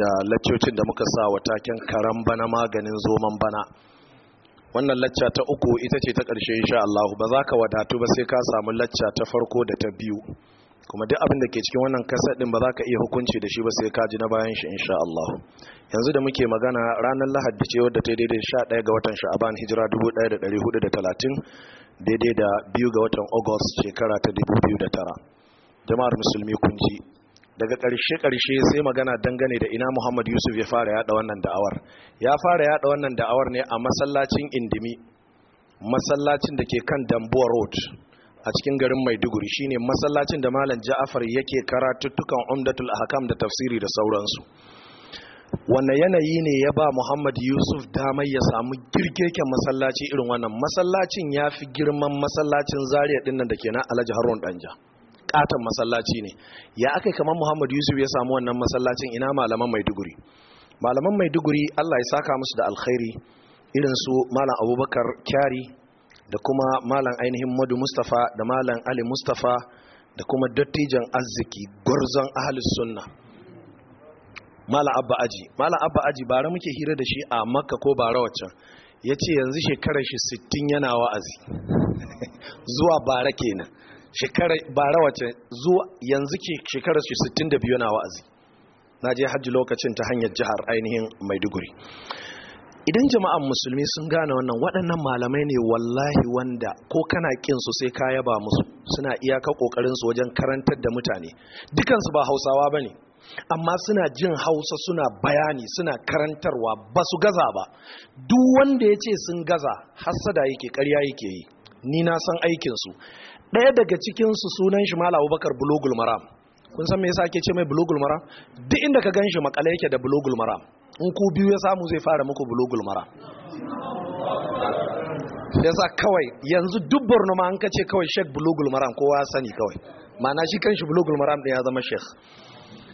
da laccocin da muka sa wa taken karan bana maganin zoman bana wannan lacca ta uku ita ce ta ƙarshe insha Allah ba za ka wadatu ba sai ka samu lacca ta farko da ta biyu kuma duk abin da ke cikin wannan kasar din ba za ka iya hukunci da shi ba sai ka ji na bayan shi insha Allah yanzu da muke magana ranar Lahadi ce wadda ta daidai 11 ga watan Sha'aban hijira 1430 daidai da biyu ga watan August shekara ta 2009 jama'ar musulmi kun ji daga ƙarshe-ƙarshe sai magana dangane da ina muhammad yusuf ya fara yada wannan da'awar ya fara yada wannan da'awar ne a masallacin indimi masallacin da ke kan dambuwa road a cikin garin maiduguri shine masallacin da malam ja'afar yake karatuttukan umdatul ahkam da tafsiri da sauransu wannan yanayi ne ya ba muhammad yusuf damar ya samu girgirken masallaci irin wannan masallacin ya fi girman masallacin zaria dinnan da ke na alhaji harun danja katon masallaci ne ya aka kamar muhammad yusuf ya samu wannan masallacin ina malaman maiduguri malaman maiduguri allah ya saka musu da alkhairi irin su malam abubakar kyari da kuma malam ainihin madu mustafa da malam ali mustafa da kuma dattijan arziki gwarzon ahalus sunna malam abba aji malam abba aji bara muke hira da shi a makka ko bara waccan ya ce yanzu shekarar shi 60 yana wa'azi zuwa bara kenan shekara bara wace zuwa yanzu ke shekarar su 62 na wa'azi na je hajji lokacin ta hanyar jihar ainihin maiduguri idan jama'an musulmi sun gane wannan waɗannan malamai ne wallahi wanda ko kana kin su sai ka yaba musu suna iyaka kokarin su wajen karantar da mutane dukansu ba hausawa bane amma suna jin hausa suna bayani suna karantarwa ba su gaza ba duk wanda ya ce sun gaza hassada yake karya yake yi ni na san aikinsu ɗaya daga cikinsu sunan shi mala abubakar bulogul maram kun san me yasa ake ce mai bulogul maram duk inda ka ganshi makale yake da bulogul maram in ku biyu ya samu zai fara muku bulogul maram yasa kawai yanzu duk borno ma an ka ce kawai Sheikh bulogul maram kowa ya sani kawai ma'ana shi kanshi bulogul maram din ya zama Sheikh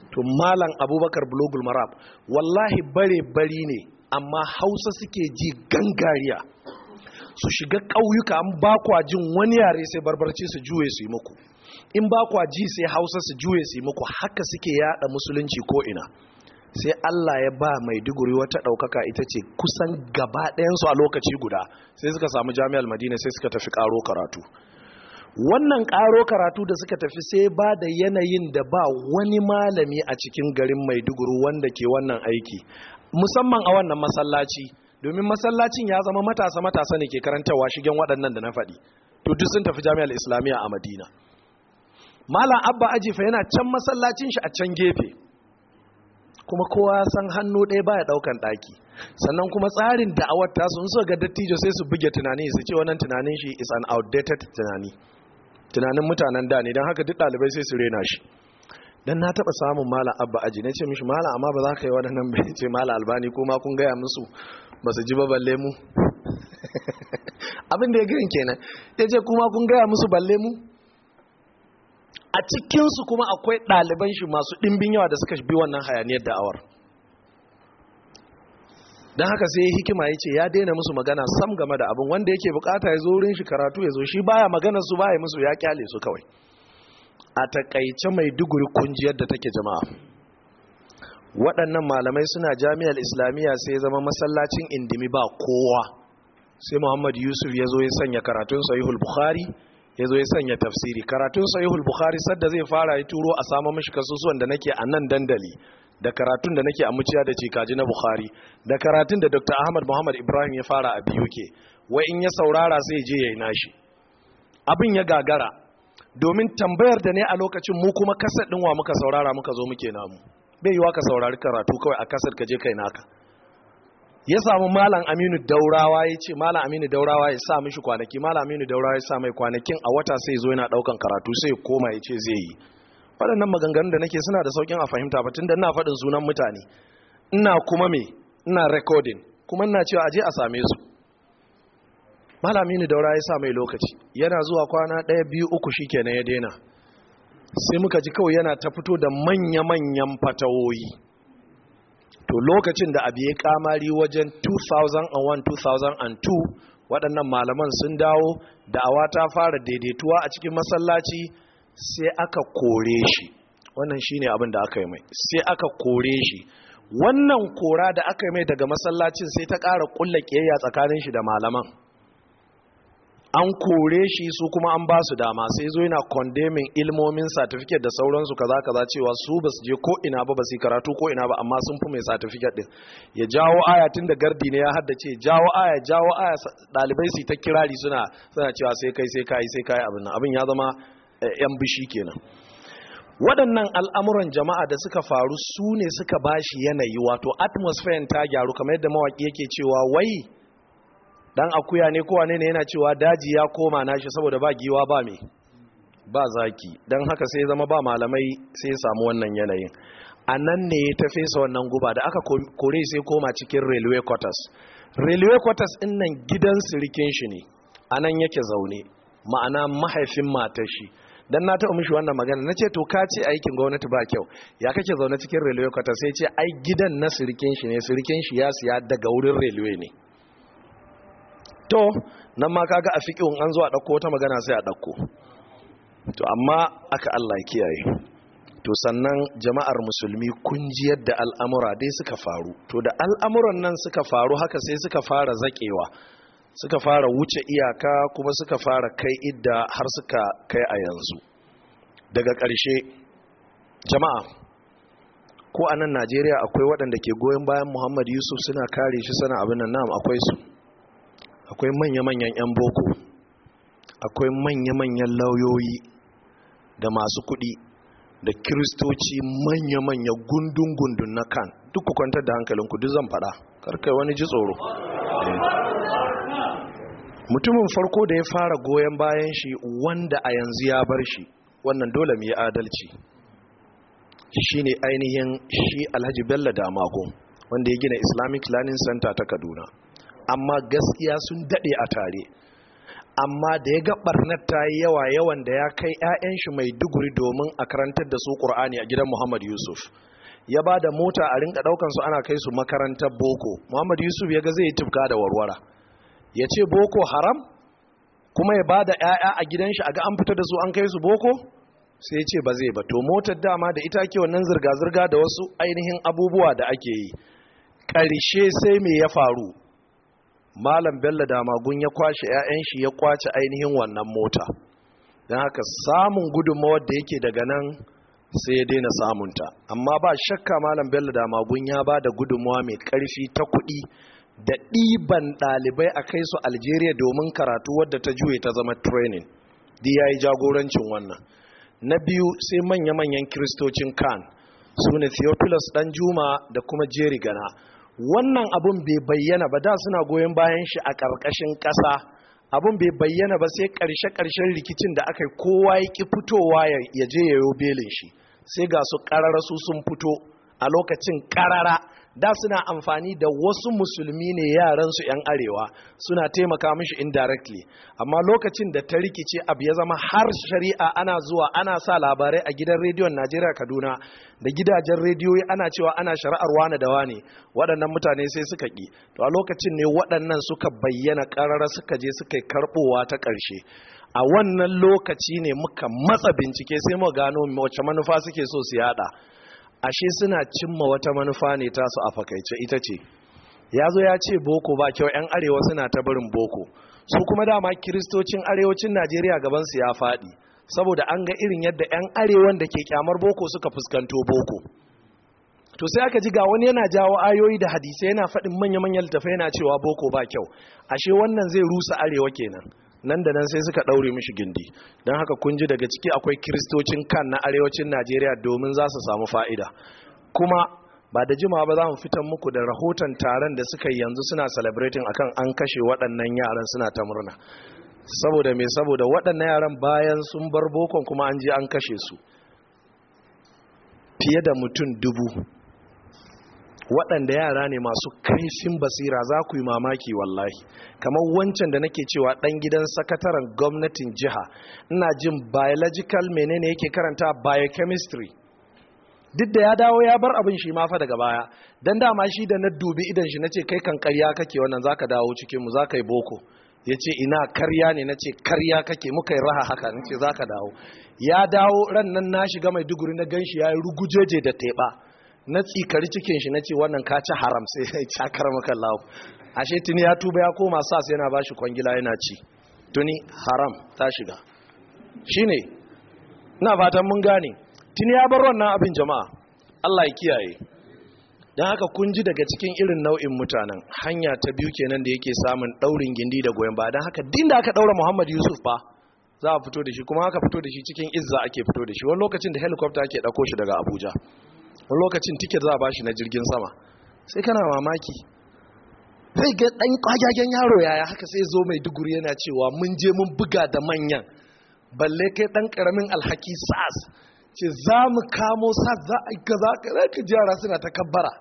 to malam abubakar bulogul maram wallahi bare bari ne amma hausa suke ji gangariya su shiga ƙauyuka an ba kwa jin wani yare sai barbarci su juye su yi muku in ba kwa ji sai hausa su juye su yi muku haka suke yada musulunci ko ina sai Allah ya ba Maiduguri wata ɗaukaka ita ce kusan gaba ɗayansu a lokaci guda sai suka samu jami'ar Madina sai suka tafi ƙaro karatu wannan ƙaro karatu da suka tafi sai ba da yanayin da ba wani malami a cikin garin Maiduguri wanda ke wannan aiki musamman a wannan masallaci domin masallacin ya zama matasa matasa ne ke karantarwa shigen waɗannan da na faɗi to duk sun tafi jami'ar islamiyya a madina malam abba fa yana can masallacin shi a can gefe kuma kowa san hannu ɗaya baya ɗaukan ɗaki sannan kuma tsarin da'awar ta sun so ga dattijo sai su buge tunani su ce wannan tunanin shi is an outdated tunani tunanin mutanen da ne don haka duk ɗalibai sai su rena shi dan na taɓa samun malam abba aji ce mishi malam amma ba za ka yi nan bai ce malam albani ko ma kun gaya musu ba su ji ba balle mu abin da ya girin kenan ya ce kuma kun gaya musu balle mu a cikinsu kuma akwai ɗaliban shi masu ɗimbin yawa da suka bi wannan hayaniyar da'awar don haka sai hikima ya ce ya daina musu magana sam game da abin wanda yake bukata ya zo wurin shi karatu ya zo shi baya magana su baya musu ya kyale su kawai a takaice mai duguri kunjiyar da take jama'a waɗannan malamai suna jami'ar islamiyya sai ya zama masallacin indimi ba kowa sai muhammad yusuf ya zo ya sanya karatun sahihul bukhari ya zo ya sanya tafsiri karatun sahihul bukhari sadda zai fara ya turo a samun mishi kasusuwan da nake a nan dandali da karatun da nake a muciya da kaji na bukhari da karatun da dr ahmad muhammad ibrahim ya fara a biyu ke wai in ya saurara sai je ya yi nashi abin ya gagara domin tambayar da ne a lokacin mu kuma ɗin wa muka saurara muka zo muke namu bai yiwa ka saurari karatu kawai a kasar ka je kai naka ya samu malam aminu daurawa ya ce malam aminu daurawa ya sa mishi kwanaki malam aminu daurawa ya sa mai kwanakin a wata sai zo yana daukan karatu sai koma ya ce zai yi waɗannan maganganun da nake suna da saukin a fahimta ba da ina faɗin sunan mutane ina kuma me ina recording kuma ina cewa aje a same su malam aminu daurawa ya sa mai lokaci yana zuwa kwana ɗaya biyu uku shikenan ya daina sai muka ji kawai yana ta fito da manya-manyan fatawoyi to lokacin da abu ya kamari wajen 2001-2002 waɗannan malaman sun dawo da'awa ta fara daidaituwa a cikin masallaci sai aka kore shi wannan shi ne abin da aka yi mai sai aka kore shi wannan kora da aka yi mai daga masallacin sai ta ƙara ƙulla ƙiyayya tsakanin shi da malaman an kore shi su kuma an ba su dama sai zo yana condemning ilmomin certificate da sauransu kaza kaza cewa su ba su je ko ina ba ba su karatu ko ina ba amma sun fi mai certificate din ya jawo aya tun da gardi ne ya ce jawo aya jawo aya dalibai su ta kirari suna suna cewa sai kai sai kai sai kai abin nan abin ya zama eh, yan bishi kenan waɗannan al'amuran jama'a da suka faru su ne suka bashi yanayi wato atmosphere ta gyaru kamar yadda mawaƙi yake cewa wai dan akuya ne kowane ne yana cewa daji ya koma nashi saboda ba giwa ba me ba zaki dan haka sai zama ba malamai sai samu wannan yanayin anan nan ne ta sa wannan guba da aka kore sai koma cikin railway quarters railway quarters din nan gidan sirikin shi ne a yake zaune ma'ana mahaifin matar shi dan na taɓa mishi wannan magana na ce to ka ce aikin gwamnati ba kyau ya kake zaune cikin railway quarters sai ce ai gidan na sirikin shi ne sirikin shi ya siya daga wurin railway ne to nan ma kaga a fiƙin an zo a ɗauko wata magana sai a ɗauko to amma aka Allah kiyaye to sannan jama'ar musulmi kun ji yadda al'amura dai suka faru to da al'amuran nan suka faru haka sai suka fara zaƙewa suka fara wuce iyaka kuma suka fara kai idda har suka kai a yanzu daga ƙarshe jama'a ko a nan najeriya akwai waɗanda ke goyon bayan muhammad yusuf suna kare shi sana abin nan akwai su akwai manya-manyan 'yan boko akwai manya-manyan lauyoyi da masu kudi da kiristoci manya-manya gundun-gundun na kan duk kwantar da hankalinku duk zan fada karkai wani ji tsoro eh. mutumin farko da ya fara goyon bayan shi wanda a yanzu ya bar shi wannan dole mu yi adalci ne ainihin shi alhaji bello damago wanda ya gina islamic learning center ta kaduna amma gaskiya sun daɗe a tare amma da ya ga na ta yi yawa yawan da ya kai 'ya'yan shi mai duguri domin a karantar da su ƙur'ani a gidan muhammad yusuf ya ba da mota a rinka ɗaukan su ana kai su makarantar boko muhammad yusuf ya ga zai tufka da warwara ya ce boko haram kuma ya ba da 'ya'ya a gidan shi a ga an fita da su an kai su boko sai ce ba zai ba to motar dama da ita ke wannan zirga-zirga da wasu ainihin abubuwa da ake yi ƙarshe sai me ya faru malam bello damagun ya kwashe 'ya'yan shi ya kwace ainihin wannan mota don haka samun gudunmawar da yake daga nan sai ya daina samunta amma ba shakka malam bello damagun ya ba da gudunmawa mai karfi ta kuɗi da ɗiban ɗalibai a kai su algeria domin karatu wadda ta juye ta zama training di ya yi jagorancin wannan na biyu sai manya-manyan kiristocin kan su ne theophilus ɗan juma da kuma jerry gana wannan abun bai bayyana ba da suna goyon bayan shi a ƙarƙashin ƙasa abun bai bayyana ba sai ƙarshe-ƙarshen rikicin da aka yi kowa ya ƙi fitowa ya je ya yo belin shi sai ga su ƙararra su sun fito a lokacin ƙarara da suna amfani da wasu musulmi ne yaransu 'yan arewa suna taimaka mishi indirectly amma lokacin da ta rikice abu ya zama har shari'a ana zuwa ana sa labarai a gidan rediyon najeriya kaduna da gidajen rediyoyi ana cewa ana shari'ar wane da wane waɗannan mutane sai suka ƙi to a lokacin ne waɗannan suka bayyana ƙarara suka je suka yi karɓowa ta ƙarshe a wannan lokaci ne muka matsa bincike sai mu gano wacce manufa suke so su yaɗa. ashe suna cimma wata manufa ne tasu a fakaice ita ce ya zo ya ce boko ba kyau 'yan arewa suna ta barin boko su kuma dama kiristocin arewacin najeriya gabansu ya faɗi saboda an ga irin yadda 'yan arewan da ke kyamar boko suka fuskanto boko to sai aka ji ga wani yana jawo ayoyi da hadisai yana faɗin manya-manyan littafai yana cewa boko ba kyau ashe wannan zai rusa arewa kenan nan da nan sai suka ɗaure mishi gindi don haka kun ji daga ciki akwai kiristocin kan na arewacin najeriya domin za su samu fa'ida kuma ba da jima ba za mu fitan muku da rahoton taron da suka yi yanzu suna celebrating akan an kashe waɗannan yaran suna ta murna saboda me saboda waɗannan yaran bayan sun bar bokon kuma an je an kashe su fiye da mutum dubu waɗanda yara ne masu kaifin basira za ku yi mamaki wallahi kamar wancan da nake cewa ɗan gidan sakataren gwamnatin jiha ina jin biological menene yake karanta biochemistry duk da ya dawo ya bar abin shi mafa daga baya don dama shi da na dubi idan shi na ce kai kan karya kake wannan za ka dawo cikinmu za ka yi boko ya ce ina karya ne na ce karya kake muka yi raha haka na ce za ka dawo ya dawo ran nan na shiga mai duguri na ganshi ya yi rugujeje da teɓa na tsikari cikin shi na ce wannan ka ci haram sai ya cakar maka lawo ashe tuni ya tuba ya koma sai yana bashi kwangila yana ci tuni haram ta shiga shine ina fatan mun gane tuni ya bar wannan abin jama'a Allah ya kiyaye don haka kun ji daga cikin irin nau'in mutanen hanya ta biyu kenan da yake samun daurin gindi da goyon ba don haka din da aka daura Muhammad Yusuf ba za a fito da shi kuma aka fito da shi cikin izza ake fito da shi wani lokacin da helicopter ake dauko shi daga Abuja wani lokacin tiket za a bashi na jirgin sama sai kana mamaki Zai ga ɗan kwagagen yaro yaya haka sai zo mai duguri yana cewa mun je mun buga da manyan balle kai ɗan karamin alhaki sas ce za mu kamo sas za a ga za ka ka yara suna ta kabbara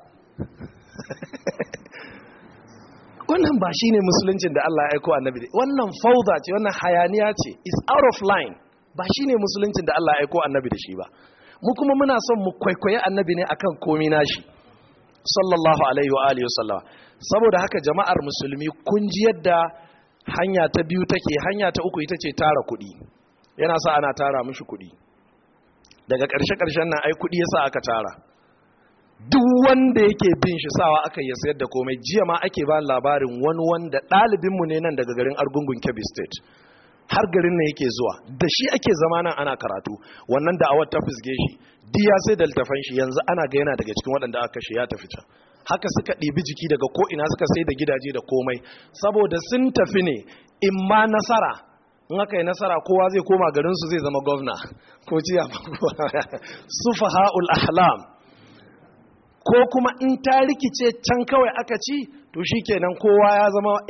wannan ba shine musuluncin da Allah ya aiko annabi da wannan fauda ce wannan hayaniya ce is out of line ba shine musuluncin da Allah ya aiko annabi da shi ba mu kuma muna son mu kwaikwayi annabi ne akan komi nashi sallallahu alaihi wa alihi wasallam saboda haka jama'ar musulmi kun ji yadda hanya ta biyu take hanya ta uku ita ce tara kuɗi yana sa ana tara mishi kuɗi daga ƙarshe-ƙarshen nan ai kuɗi ya sa aka tara duk wanda yake bin shi sawa aka yi sayar da komai jiya ma ake ba labarin wani wanda ɗalibinmu ne nan daga garin argungun kebbi state har garin ne yake zuwa da shi ake zama nan ana karatu wannan da'awar ta fisge shi diya sai da littafan shi yanzu ana ga yana daga cikin waɗanda aka kashe ya tafi can haka suka ɗibi jiki daga ko ina suka sai da gidaje da komai saboda sun tafi ne in ma nasara in aka yi nasara kowa zai koma garinsu zai zama gwamna ko ciya sufa ha'ul ahlam ko kuma in ta rikice can kawai aka ci to shi kenan kowa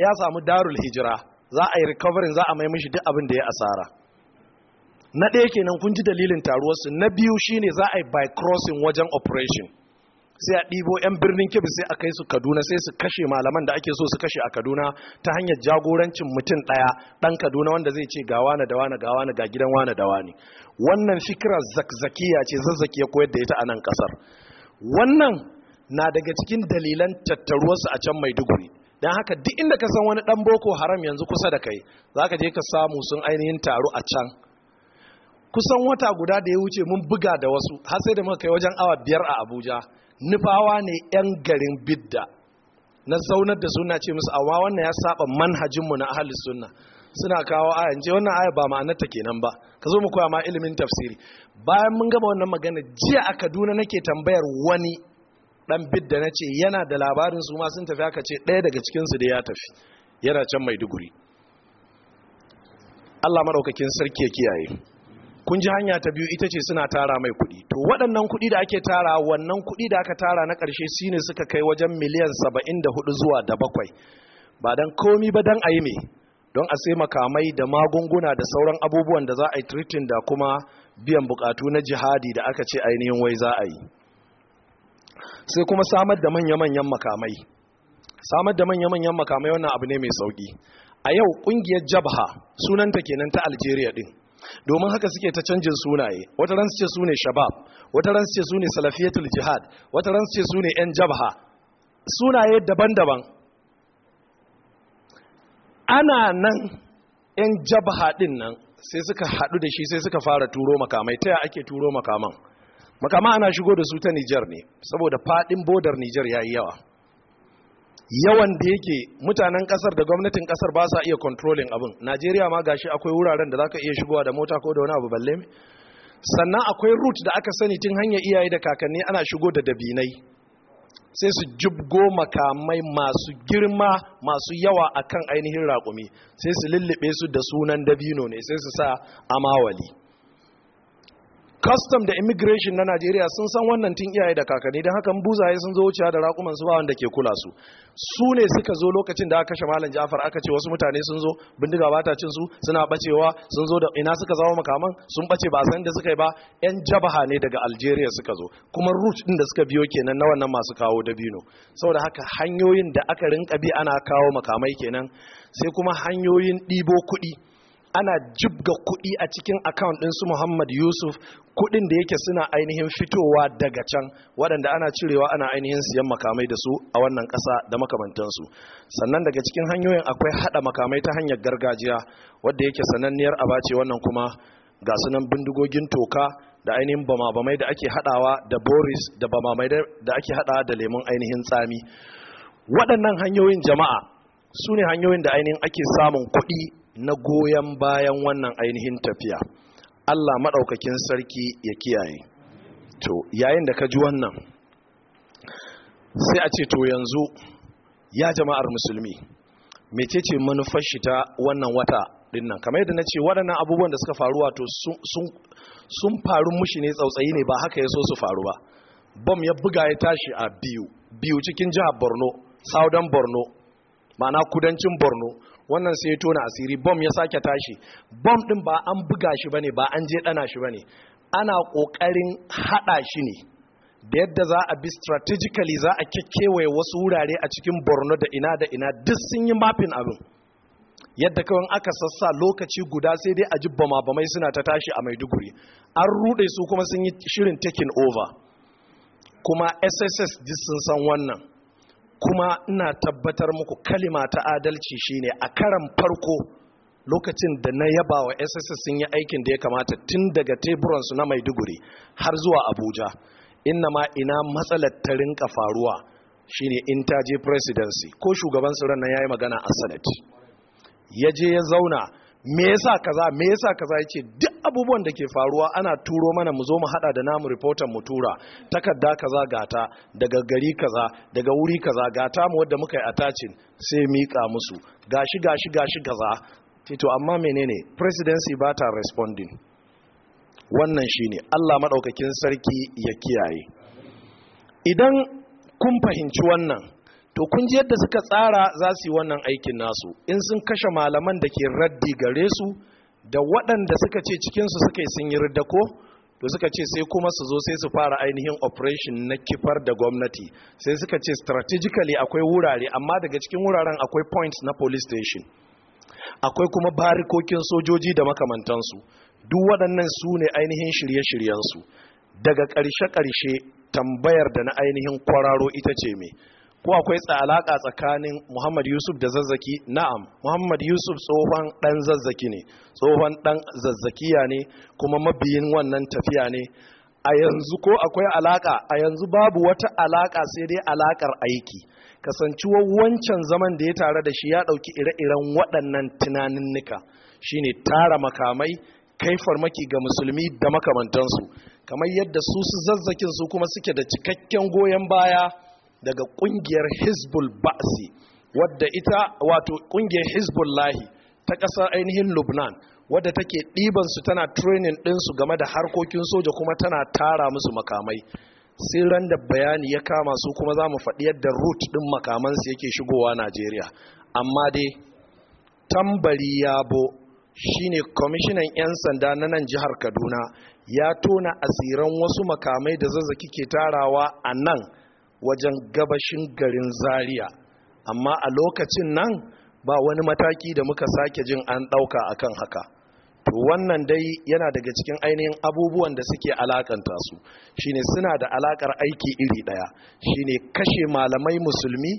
ya samu darul hijira za a yi recovering za a mai mishi duk abin da ya asara na ɗaya kenan kun ji dalilin taruwarsu na biyu shine za a yi by crossing wajen operation sai a ɗibo 'yan birnin kebis sai a kai su kaduna sai su kashe malaman da ake so su kashe a kaduna ta hanyar jagorancin mutum ɗaya ɗan kaduna wanda zai ce ga wane da wane ga wane ga gidan wane da wane wannan fikira zakzakiya ce zazzaki ya koyar da ita a nan ƙasar wannan na daga cikin dalilan tattaruwarsu a can maiduguri don haka duk inda ka san wani dan boko haram yanzu kusa da kai za ka je ka samu sun ainihin taro a can kusan wata guda da ya wuce mun buga da wasu har sai da muka kai wajen awa biyar a abuja nufawa ne 'yan garin bidda na zaunar da suna ce musu awa, wannan ya saba manhajinmu na ahli sunna suna kawo aya je wannan aya ba ma'anarta kenan ba ka zo mu koya ma ilimin tafsiri bayan mun gama wannan magana jiya a kaduna nake tambayar wani dan bid da ce yana da labarin su ma sun tafi aka ce ɗaya daga cikin su da ya tafi yana can mai Maiduguri Allah madaukakin sarki ya kiyaye kun ji hanya ta biyu ita ce suna tara mai kuɗi to waɗannan kuɗi da ake tara wannan kuɗi da aka tara na ƙarshe shine suka kai wajen miliyan saba'in da hudu zuwa da bakwai ba don komi ba don a yi mai don a sai makamai da magunguna da sauran abubuwan da za a yi tritin da kuma biyan bukatu na jihadi da aka ce ainihin wai za a yi sai kuma samar da manya-manyan makamai samar da manya-manyan makamai wannan abu ne mai sauki a yau kungiyar jabha sunanta kenan ta algeria din domin haka suke ta canjin sunaye wata ran su ce su ne shabab wata ran su ce su ne salafiyatul jihad wata ran su ce su ne yan jabha sunaye daban-daban ana nan yan jabha din nan sai suka haɗu da shi sai suka fara turo makamai ta ya ake turo makaman makama ana shigo da su ta Nijar ne saboda fadin bodar Nijar ya yi yawa yawan da yake mutanen kasar da gwamnatin kasar ba sa iya controlling abin Najeriya ma gashi akwai wuraren da zaka iya shigowa da mota ko da wani abu balle sannan akwai route da aka sani tun hanyar iyaye da kakanni ana shigo da dabinai sai su jibgo makamai masu girma masu yawa akan ainihin raƙumi sai su lullube su da sunan dabino ne sai su sa amawali custom da immigration na Najeriya sun san wannan tun iyaye da kakanni don haka buzaye sun zo wucewa da raƙuman su ba wanda ke kula su su ne suka zo lokacin da aka kashe malam Ja'far aka ce wasu mutane sun zo bindiga bata cin su suna bacewa sun zo da ina suka zama makaman sun bace ba san da suka yi ba yan jabaha ne daga Algeria suka zo kuma route din da suka biyo kenan na wannan masu kawo dabino saboda haka hanyoyin da aka rinka bi ana kawo makamai kenan sai kuma hanyoyin ɗibo kuɗi ana jibga kuɗi a cikin account ɗin su Muhammad Yusuf kuɗin da yake suna ainihin fitowa daga can waɗanda ana cirewa ana ainihin siyan makamai da su a wannan ƙasa da makamantansu sannan daga cikin hanyoyin akwai haɗa makamai ta hanyar gargajiya wadda yake sananniyar abace wannan kuma ga sunan bindigogin toka da ainihin bamabamai da ake haɗawa da boris da bamamai da ake haɗawa da lemun ainihin tsami waɗannan hanyoyin jama'a su ne hanyoyin da ainihin ake samun kuɗi na goyon bayan wannan ainihin tafiya Allah maɗaukakin sarki ya kiyaye to yayin da ka ji wannan sai a ce to yanzu ya jama'ar musulmi mecece manufar shi ta wannan wata dinnan kamar yadda na ce waɗannan abubuwan da suka faru wato sun faru mushi ne tsautsayi ne ba haka ya so su faru ba bom ya buga ya tashi a biyu biyu cikin jihar borno southern borno ma'ana kudancin borno wannan sai ya tona asiri bom ya sake tashi bom din ba an buga shi bane ba an je dana shi bane ana kokarin hada shi ne da yadda za a bi strategically za a kekkewaye wasu wurare a cikin borno da ina da ina duk sun yi mapping abin yadda kawai aka sassa lokaci guda sai dai a jibba bamai suna ta tashi a maiduguri an rude su kuma sun yi shirin taking over kuma sss sun san wannan kuma ina tabbatar muku kalima ta adalci shine a karan farko lokacin da na yaba wa sss sun yi aikin da ya kamata tun daga teburansu na maiduguri har zuwa abuja inna ma ina matsalar ta rinka faruwa shine in ta je presidency ko shugaban tsiron nan yayi magana a senate ya je ya zauna me yasa kaza me yasa kaza yace abubuwan da ke faruwa ana turo mana mu zo mu hada da namu reporter mu tura takarda kaza gata daga gari kaza daga wuri kaza gata mu wadda muka yi attaching sai mika musu gashi gashi gashi kaza to amma menene presidency ba ta responding wannan shine Allah madaukakin sarki ya kiyaye idan kun fahimci wannan to kun ji yadda suka tsara za su yi wannan aikin nasu in sun kashe malaman da ke raddi gare su da waɗanda suka ce cikinsu suka yi sun yi ridda ko to suka ce sai kuma su zo sai su fara ainihin operation na kifar da gwamnati sai suka ce strategically akwai wurare amma daga cikin wuraren akwai points na police station akwai kuma barikokin sojoji da makamantansu duk waɗannan su ne ainihin shirye-shiryensu daga ƙarshe-ƙarshe tambayar da na ainihin kwararo ita ce mai ko akwai alaka tsakanin muhammad yusuf da zazzaki na'am muhammad yusuf tsohon dan zazzaki ne tsohon dan zazzakiya ne kuma mabiyin wannan tafiya ne a yanzu ko akwai alaka a yanzu babu wata alaka sai dai alakar aiki kasancewa wancan zaman da ya tare da shi ya ɗauki ire-iren waɗannan tunaninnika shine tara makamai kai farmaki ga musulmi da makamantansu kamar yadda su su zazzakin su kuma suke da cikakken goyon baya daga kungiyar hizbul ba'asi wadda ita wato kungiyar lahi ta ƙasar ainihin lubnan wadda take ɗibansu tana training ɗinsu game da harkokin soja kuma tana tara musu makamai sai ran da bayani ya kama su kuma za mu faɗi yadda root ɗin makamansu yake shigowa najeriya amma dai tambari ya yabo shine kwamishinan 'yan sanda na nan jihar kaduna ya tona asiran wasu makamai da zazzaki ke tarawa a nan wajen gabashin garin zaria amma a lokacin nan ba wani mataki da muka sake jin an ɗauka akan haka to wannan dai yana daga cikin ainihin abubuwan da suke alakanta su shine suna da alakar aiki iri ɗaya shine kashe malamai musulmi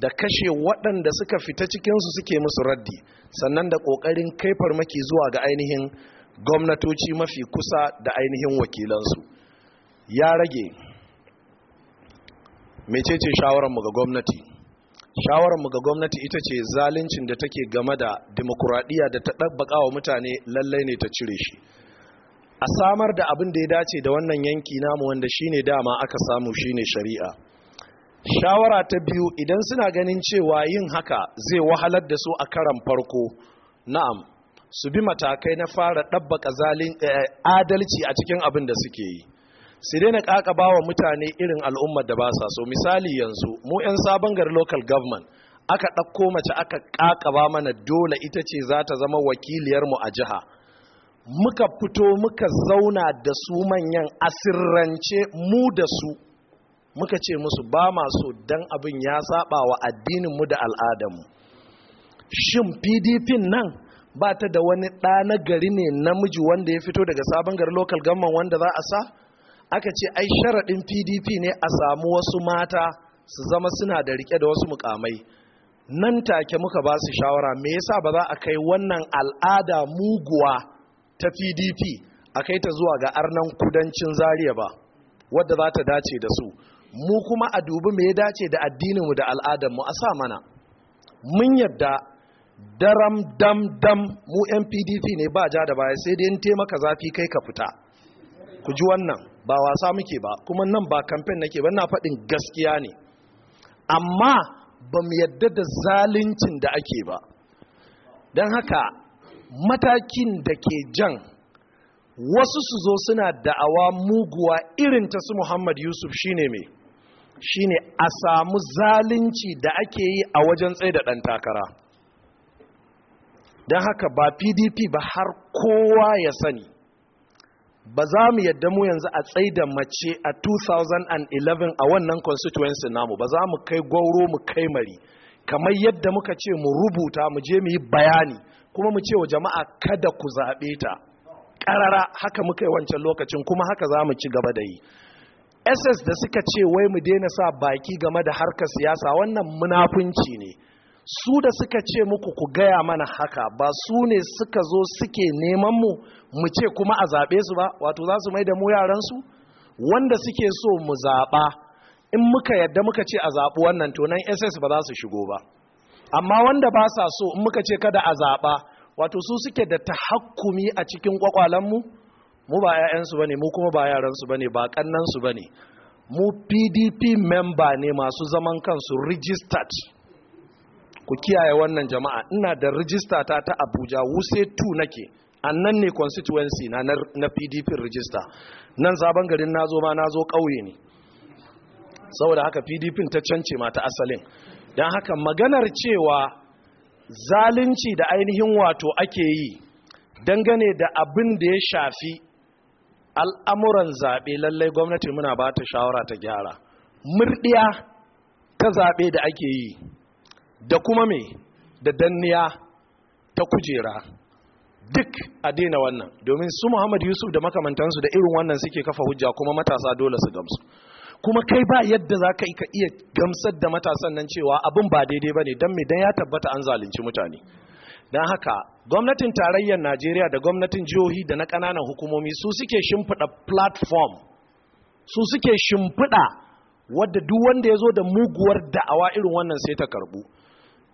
da kashe waɗanda suka fita cikinsu suke musu raddi sannan da ƙoƙarin kai farmaki zuwa ga ainihin gwamnatoci mafi kusa da ainihin wakilansu ya rage mecece mu ga gwamnati shawararmu ga gwamnati ita ce zaluncin da take game da demokuraɗiyya da ta ɗabbaƙa wa mutane lallai ne ta cire shi a samar da abin da ya dace da wannan yanki namu wanda shine dama aka samu shine shari'a shawara ta biyu idan suna ganin cewa yin haka zai wahalar da su a karan farko na'am su bi matakai na fara ɗabbaka eh, adalci a cikin abin da suke yi su daina kakaba wa mutane irin al'ummar da ba sa so misali yanzu mu 'yan sabon gari local government aka ɗauko mace aka kakaba mana dole ita ce za ta zama wakiliyarmu a jiha muka fito muka zauna da su manyan asirrance mu da su muka ce musu ba masu don abin ya saba wa addininmu da al'adarmu shin pdp nan ba ta da wani ɗa na gari ne namiji wanda ya fito daga sabon gari local government wanda za a sa aka ce ai sharaɗin pdp ne a samu wasu mata su zama suna da rike da wasu mukamai nan take muka ba su shawara me yasa ba za a kai wannan al'ada muguwa ta pdp a kai ta zuwa ga arnan kudancin Zariya ba wadda za ta dace da su mu kuma a dubi me ya dace da addininmu da al'adarmu a sa mana mun yadda daram dam dam mu yan pdp ne ba ja da baya sai dai in taimaka zafi kai ka fita ku ji wannan ba wasa muke ba kuma nan ba kamfen nake ba na faɗin gaskiya ne amma ba mu yadda da zaluncin da ake ba don haka matakin da ke jan wasu su zo suna da'awa muguwa irin ta su muhammad yusuf shine mai shine a samu zalunci da ake yi a wajen tsaye da ɗan takara don haka ba pdp ba har kowa ya sani ba za mu yadda mu yanzu a tsaida mace a 2011 a wannan constituency namu ba za mu kai gwauro mu kai mari kamar yadda muka ce mu rubuta mu je mu yi bayani kuma mu ce wa jama'a kada ku zaɓe ta ƙarara haka muka yi wancan lokacin kuma haka za mu ci gaba da yi ss da suka ce wai mu daina sa baki game da harkar siyasa wannan munafunci ne su da suka ce muku ku gaya mana haka ba su ne suka zo suke neman mu mu ce kuma a zaɓe su ba wato za su mai da mu yaransu wanda suke so mu zaɓa in muka yadda muka ce a zaɓi wannan tonan ss ba za su shigo ba amma wanda ba sa so in muka ce kada a zaɓa wato su suke da tahakkumi a cikin kwakwalenmu mu ba 'ya'yansu ba ne mu kuma ba yaransu ba ne ba kannansu ba ne mu pdp memba ne masu zaman kansu registered ku kiyaye wannan jama'a ina da rijista ta ta abuja wuse 2 nake annan ne constituency na na pdp rijista nan sabon garin nazo ma nazo ƙauye ne saboda haka pdp ta cance ma ta asalin don haka maganar cewa zalunci da ainihin wato ake yi dangane da abin da ya shafi al'amuran zaɓe lallai gwamnati muna ba ta shawara ta gyara murɗiya ta zaɓe da ake yi da kuma me da danniya ta kujera duk a daina wannan domin su muhammad yusuf da makamantansu da irin wannan suke kafa hujja kuma matasa dole su gamsu kuma kai ba yadda za ka iya gamsar da matasan nan cewa abin ba daidai ba ne don mai don ya tabbata an zalunci mutane don haka gwamnatin tarayyar najeriya da gwamnatin jihohi da na ƙananan hukumomi su suke shimfiɗa platform su suke shimfiɗa wadda duk wanda ya zo da muguwar da'awa irin wannan sai ta karɓu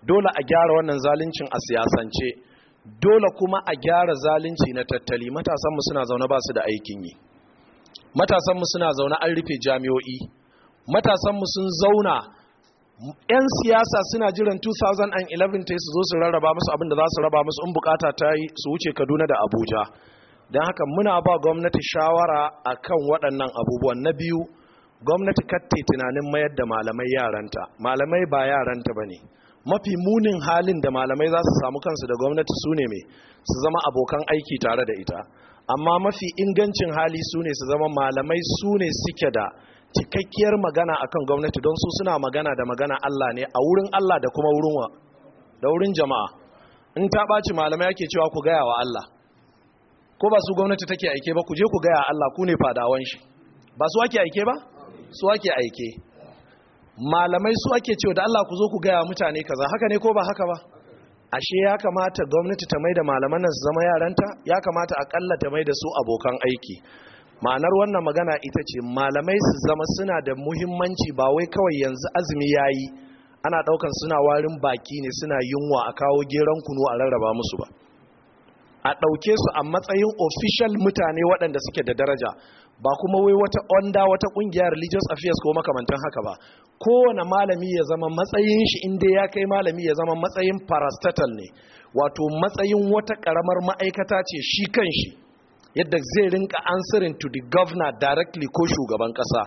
dole a gyara wannan zaluncin a siyasance dole kuma a gyara zalunci na tattali matasanmu suna zaune ba su da aikin yi matasanmu suna zaune an rufe jami'o'i matasanmu sun zauna 'yan siyasa suna jiran 2011 ta su zo su rarraba musu abin da za su raba musu in bukata ta yi su wuce kaduna da abuja don haka muna ba gwamnati shawara a kan waɗannan abubuwan na biyu gwamnati katte tunanin mayar da malamai yaranta malamai ba yaranta ba ne mafi munin halin da malamai za su samu kansu da gwamnati su ne mai su zama abokan aiki tare da ita amma mafi ingancin hali su ne su zama malamai su ne suke da cikakkiyar magana akan gwamnati don su suna magana da magana Allah ne a wurin Allah da kuma wurin wa da wurin jama'a in ta ɓaci malamai ake cewa ku gaya wa Allah ko ba su gwamnati take aike ba ku je ku gaya Allah ku ne fadawan shi ba su ake aike ba su ake aike malamai su ake cewa da Allah ku zo ku gaya mutane kaza haka ne ko ba haka ba ashe ya kamata gwamnati ta mai da malaman nan su zama yaranta ya kamata akalla ta mai da su abokan aiki ma'anar wannan magana ita ce malamai su zama suna da muhimmanci ba wai kawai yanzu azumi yayi ana daukan suna warin baki ne suna yunwa a kawo geron kunu a rarraba musu ba a ɗauke su a matsayin official mutane waɗanda suke da daraja ba kuma wai wata onda wata kungiya religious affairs ko makamantan haka ba kowane malami ya zama matsayin shi inda ya kai malami ya zama matsayin parastatal ne wato matsayin wata karamar ma'aikata ce shi kan shi. yadda zai rinka answering to the governor directly ko shugaban kasa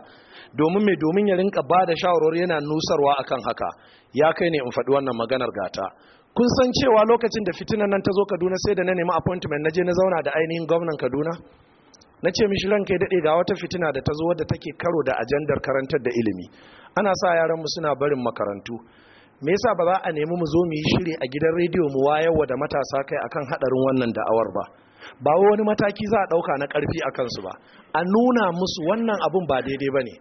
domin mai domin ya rinka ba da shawarwar yana nusarwa akan haka ya kai ne in faɗi wannan maganar gata kun san cewa lokacin da fitinan nan ta zo kaduna sai da na nemi appointment na je na zauna da ainihin gwamnan kaduna na ce mishi ranka ya daɗe ga wata fitina da ta zo wadda take karo da ajandar karantar da ilimi ana sa yaran mu suna barin makarantu me yasa ba za a nemi mu zo mu yi shiri a gidan rediyo mu wayarwa da matasa kai akan haɗarin wannan da'awar ba ba wani mataki za a ɗauka na ƙarfi a kansu ba a nuna musu wannan abun ba daidai ba ne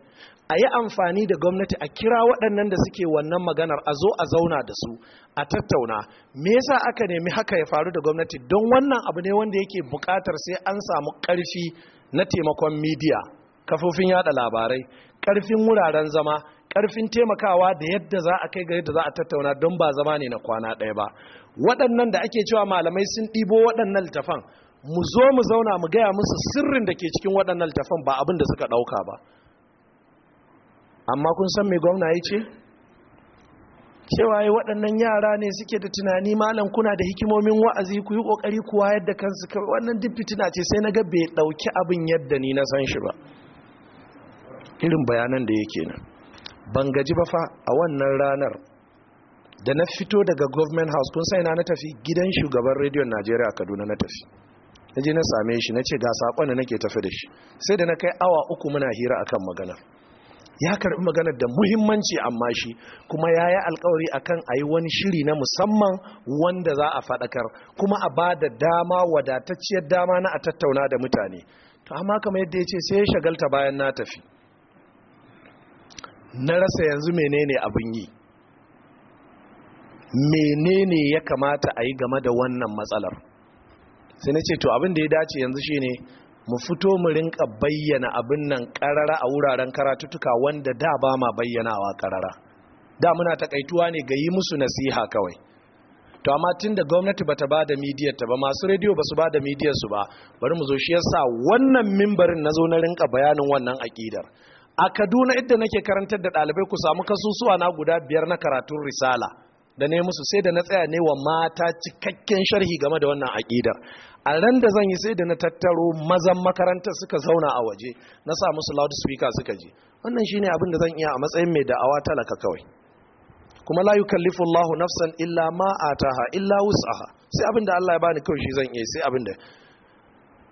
a yi amfani da gwamnati a kira waɗannan da suke wannan maganar a zo a zauna da su a tattauna me yasa aka nemi haka ya faru da gwamnati don wannan abu ne wanda yake buƙatar sai an samu ƙarfi na taimakon midiya kafofin yada labarai ƙarfin wuraren zama ƙarfin taimakawa da yadda za a kai gari da za a tattauna don ba zama ne na kwana ɗaya ba waɗannan da ake cewa malamai sun ɗibo waɗannan littafan mu zo mu zauna mu gaya musu sirrin da ke cikin waɗannan littafan ba abin da suka ɗauka ba amma kun san mai gwamna ya ce cewa yi waɗannan yara ne suke da tunani malam kuna da hikimomin wa'azi ku yi ƙoƙari ku wayar da kansu kawai wannan duk fitina ce sai na ga bai ɗauki abin yadda ni na san shi ba irin bayanan da yake nan ban gaji ba fa a wannan ranar da na fito daga government house kun sai na na tafi gidan shugaban rediyon najeriya kaduna na tafi na je na same shi na ce ga sakon da nake tafi da shi sai da na kai awa uku muna hira akan magana. ya karbi maganar da muhimmanci amma shi kuma ya yi alkawari akan a yi wani shiri na musamman wanda za a faɗakar kuma a ba da dama wadatacciyar dama na a tattauna da mutane to amma kamar yadda ya ce sai ya shagalta bayan na tafi na rasa yanzu menene abin yi menene ya kamata a yi game da wannan matsalar sai na ce to abin da ya dace yanzu shi ne mu fito mu rinka bayyana abin nan karara a wuraren karatutuka wanda da ba ma bayyanawa karara da muna takaituwa ne ga yi musu nasiha kawai to amma tun da gwamnati bata ba da midiyar ta ba masu rediyo basu su ba da midiyar su ba bari mu zo shi yasa wannan mimbarin na zo na rinka bayanin wannan akidar a Kaduna idda nake karantar da ɗalibai ku samu kasusuwa na guda biyar na karatun risala da ne musu sai da na tsaya ne wa mata cikakken sharhi game da wannan aƙidar a ran da zan yi sai da na tattaro mazan makarantar suka zauna a waje na sa musu loudspeaker suka ji wannan shine abin da zan iya a matsayin mai da'awa talaka kawai kuma la yukallifu Allah nafsan illa ma ataha illa wus'aha sai abin da Allah ya bani kawai shi zan iya sai abin da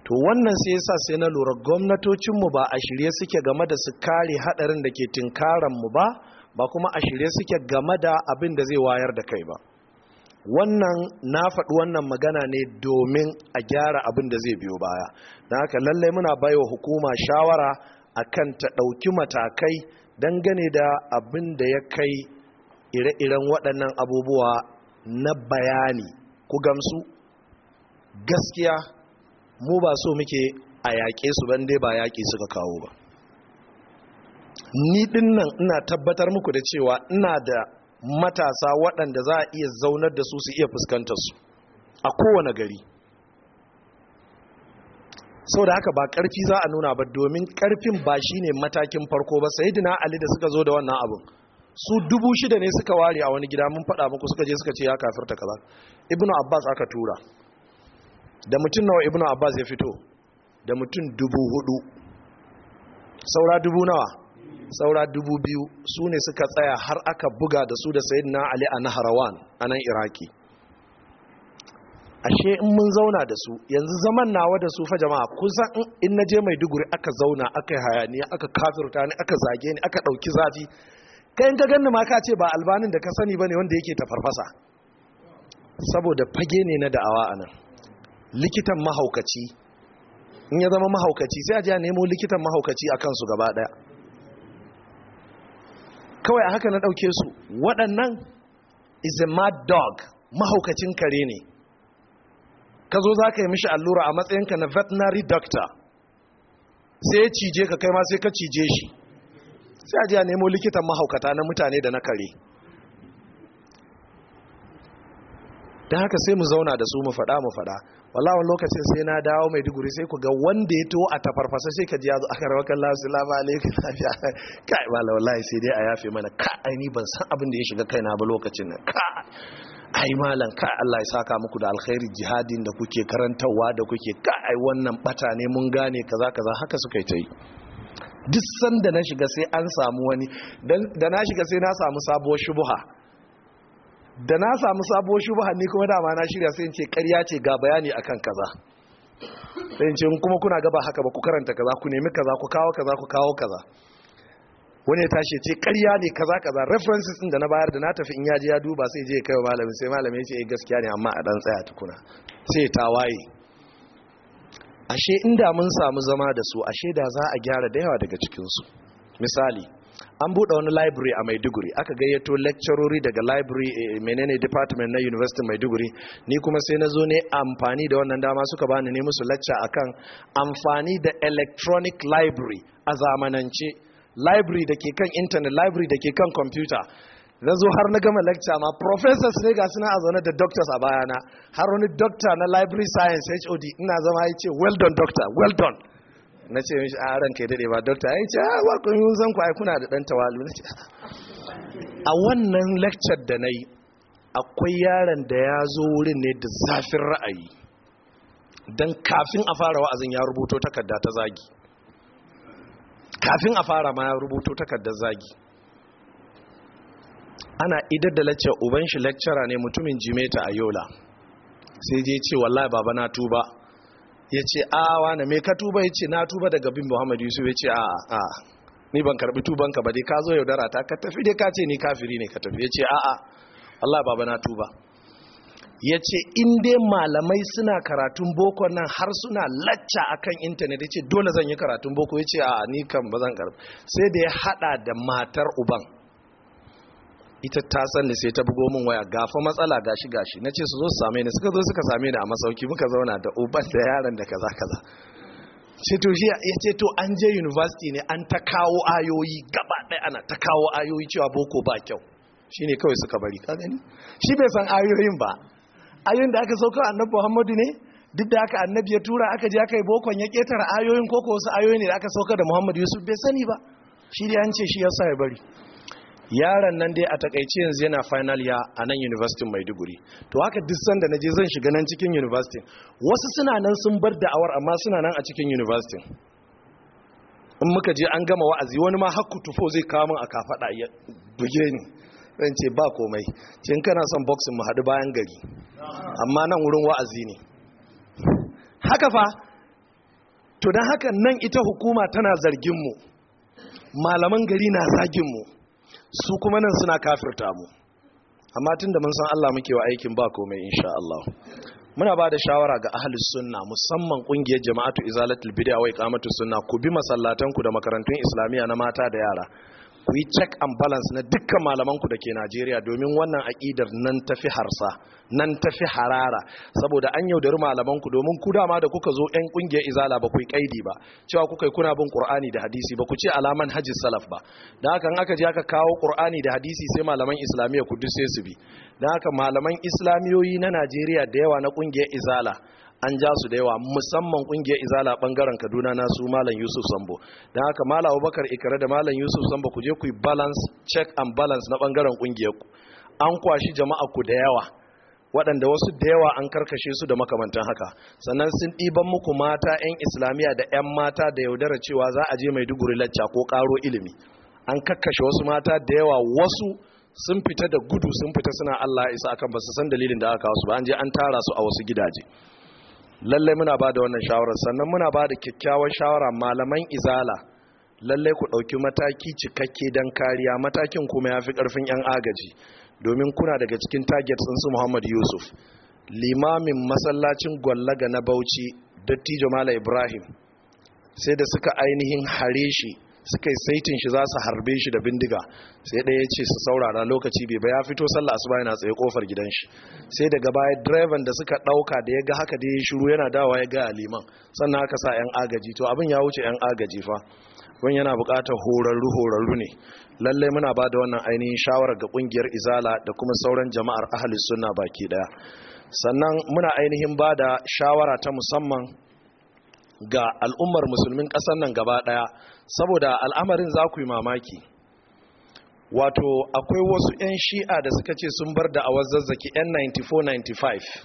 to wannan sai yasa sai na lura gwamnatocin mu ba a shirye suke game da su kare hadarin da ke tinkaran mu ba ba kuma a shirye suke game da abin da zai wayar da kai ba wannan na faɗi wannan magana ne domin a gyara abin da zai biyo baya na haka lallai muna baiwa hukuma shawara akan ta ɗauki matakai dangane da abin da ya kai ire-iren waɗannan abubuwa na bayani ku gamsu gaskiya mu ba so muke a yaƙe su ban dai ba yaƙi suka kawo ba ni ɗin nan ina tabbatar muku da cewa ina da matasa waɗanda za a iya zaunar da su su iya fuskantar su a kowane gari sau da haka ba ƙarfi za a nuna ba domin ƙarfin ba shi ne matakin farko ba sai dina ali da suka zo da wannan abin su dubu shida ne suka ware a wani gida mun faɗa muku suka je suka ce ya ta kaza ibnu abbas aka tura da mutum nawa ibnu abbas ya fito da mutum dubu hudu saura dubu nawa saura dubu biyu su ne suka tsaya har aka buga da su da sayidina ali a naharawan a nan iraki ashe in mun zauna da su yanzu zaman nawa da su fa jama'a kusan in na je mai duguri aka zauna aka yi hayaniya aka kafirta ni aka zage ni aka ɗauki zafi Ka yin ka ganni ma ka ce ba albanin da ka sani ba ne wanda yake ta farfasa saboda fage ne na da'awa a nan likitan mahaukaci in ya zama mahaukaci sai a je a nemo likitan mahaukaci a kansu gaba ɗaya kawai a haka na ɗauke su waɗannan is a mad dog mahaukacin kare ne ka zo za ka yi mishi allura a matsayinka na veterinary doctor sai ya cije ka kai ma sai ka cije shi sai a jiya nemo likitan mahaukata na mutane da na kare don haka sai mu zauna da su mu faɗa mu faɗa wallahi lokacin sai na dawo mai duguri sai ku ga wanda ya to a tafarfasa sai ka ji yazo aka rawakan Allah salamu alaikum lafiya kai wallahi wallahi sai dai a yafe mana ka aini ban san abin da ya shiga kaina ba lokacin nan ka ai malam ka Allah ya saka muku da alkhairi jihadin da kuke karantarwa da kuke ka ai wannan bata ne mun gane kaza kaza haka suka yi ta yi duk sanda na shiga sai an samu wani da na shiga sai na samu sabuwar shubuha da na samu sabuwar shubha hannu kuma dama na shirya sai in ce ƙarya ce ga bayani akan kaza sai in ce kuma kuna gaba haka ba ku karanta kaza ku nemi kaza ku kawo kaza ku kawo kaza wani ya tashi ce karya ne kaza kaza references din da na bayar da na tafi in yaji ya duba sai je kai malamin sai malamin ya ce eh, gaskiya ne amma a dan tsaya tukuna sai ta waye ashe inda mun samu zama da su ashe da za a gyara da yawa daga cikin su misali an buɗe wani library a maiduguri aka gayyato lecturori daga library eh, menene department na university maiduguri ni kuma sai na zo ne amfani da wannan dama suka bani ne musu lecture akan amfani da electronic library a zamanance library da ke kan internet library da ke kan computer na zo har na gama lecture ma professors ne ga suna a zaune da doctors a bayana har wani doctor na library science hod ina zama ya ce well done doctor well done na ce mishi a ranka dade ba dokta ya ce a ah, wakon yi zan kwaye kuna da dan tawalu na ce ah. a wannan lecture da na yi akwai yaron da ya zo wurin ne da zafin ra'ayi don kafin a fara wa'azin ya rubuto takarda ta zagi kafin a fara ma ya rubuto takarda zagi ana idar da lecture uban shi lecturer ne mutumin jimeta a yola sai je ce wallahi baba na tuba ya ce a wane mai ka tuba ya ce na tuba daga bin muhammadu yusuf ya ce a a ni ban karbi tubanka ba dai ka zo yaudara ta ka tafi dai ka ce ni kafiri ne ka tafi ya ce a a allah baba na tuba ya ce in dai malamai suna karatun boko nan har suna lacca akan intanet ya ce dole zan yi karatun boko ya ce a ni kan ba zan karbi sai da ya hada da matar uban ita ta san ne sai ta bugo min waya gafa matsala gashi gashi na ce su zo su same ni suka zo suka same ni a masauki muka zauna da uban da yaran da kaza kaza ce to shi ya ce to an je university ne an ta kawo ayoyi gaba ɗaya ana ta kawo ayoyi cewa boko ba kyau shine kawai suka bari ka gani shi bai san ayoyin ba ayoyin da aka sauka annabi Muhammadu ne duk da aka annabi ya tura aka je aka yi bokon ya ketara ayoyin koko wasu ayoyi ne da aka sauka da Muhammadu Yusuf bai sani ba shi da an ce shi ya sa ya bari yaron nan dai a takaice yanzu yana final ya a nan university maiduguri to haka duk sanda na je zan shiga nan cikin university wasu suna nan sun bar da'awar amma suna nan a cikin university in muka je an gama wa'azi wani ma hakku tufo zai kawo min a kafaɗa ya buge ni zan ce ba komai ce in kana son boxing mu haɗu bayan gari amma nan wurin wa'azi ne haka fa to dan haka nan ita hukuma tana zargin mu malaman gari na zagin mu su kuma nan suna kafirta mu amma tun da mun san Allah muke wa aikin ba komai insha Allah muna ba da shawara ga ahlus sunna musamman kungiyar jama'atu izalatul bid'a wa iqamatus sunna ku bi masallatan ku da makarantun islamiya na mata da yara ku yi check and balance na dukkan malamanku da ke najeriya domin wannan aƙidar nan tafi harsa nan tafi harara saboda an yaudari malamanku domin ku dama da kuka zo 'yan ƙungiyar izala ba ku yi ƙaidi ba cewa kuka yi kuna bin ƙur'ani da hadisi ba ku ce alaman hajji salaf ba da haka aka je aka kawo ƙur'ani da hadisi sai malaman islamiyya ku duk sai su bi da haka malaman islamiyoyi na najeriya da yawa na ƙungiyar izala an ja su da yawa musamman kungiyar izala bangaren kaduna na su malam yusuf sambo don haka malam abubakar ikare da malam yusuf sambo ku je ku yi balance check and balance na bangaren kungiyar ku an kwashi jama'a ku da yawa waɗanda wasu da yawa an karkashe su da makamantan haka sannan sun ɗiban muku mata 'yan islamiyya da 'yan mata da yaudara cewa za a je mai duguri lacca ko ƙaro ilimi an karkashe wasu mata da yawa wasu sun fita da gudu sun fita suna allah isa akan ba su san dalilin da aka kawo su ba an je an tara su a wasu gidaje lallai muna ba da wannan shawarar sannan muna ba da kyakkyawar shawara malaman izala lallai ku ɗauki mataki cikakke don kariya matakin kuma ya fi ƙarfin 'yan agaji domin kuna daga cikin target su muhammad yusuf limamin masallacin gwallaga na bauchi dattijo mala ibrahim sai da suka ainihin hare shi suka yi saitin shi za su harbe shi da bindiga sai ɗaya ce su saurara lokaci bai ba ya fito sallah asuba yana tsaye kofar gidan shi sai daga baya direban da suka ɗauka da ya ga haka da ya shiru yana dawa ya ga liman sannan haka sa 'yan agaji to abin ya wuce 'yan agaji fa wani yana bukatar horarru horarru ne lallai muna ba da wannan ainihin shawarar ga ƙungiyar izala da kuma sauran jama'ar ahalus sunna baki ɗaya, sannan muna ainihin ba da shawara ta musamman ga al'ummar musulmin ƙasar nan gaba ɗaya saboda al'amarin za ku yi mamaki wato akwai wasu 'yan shi'a da suka ce sun bar da awar zazzaki 'yan 94-95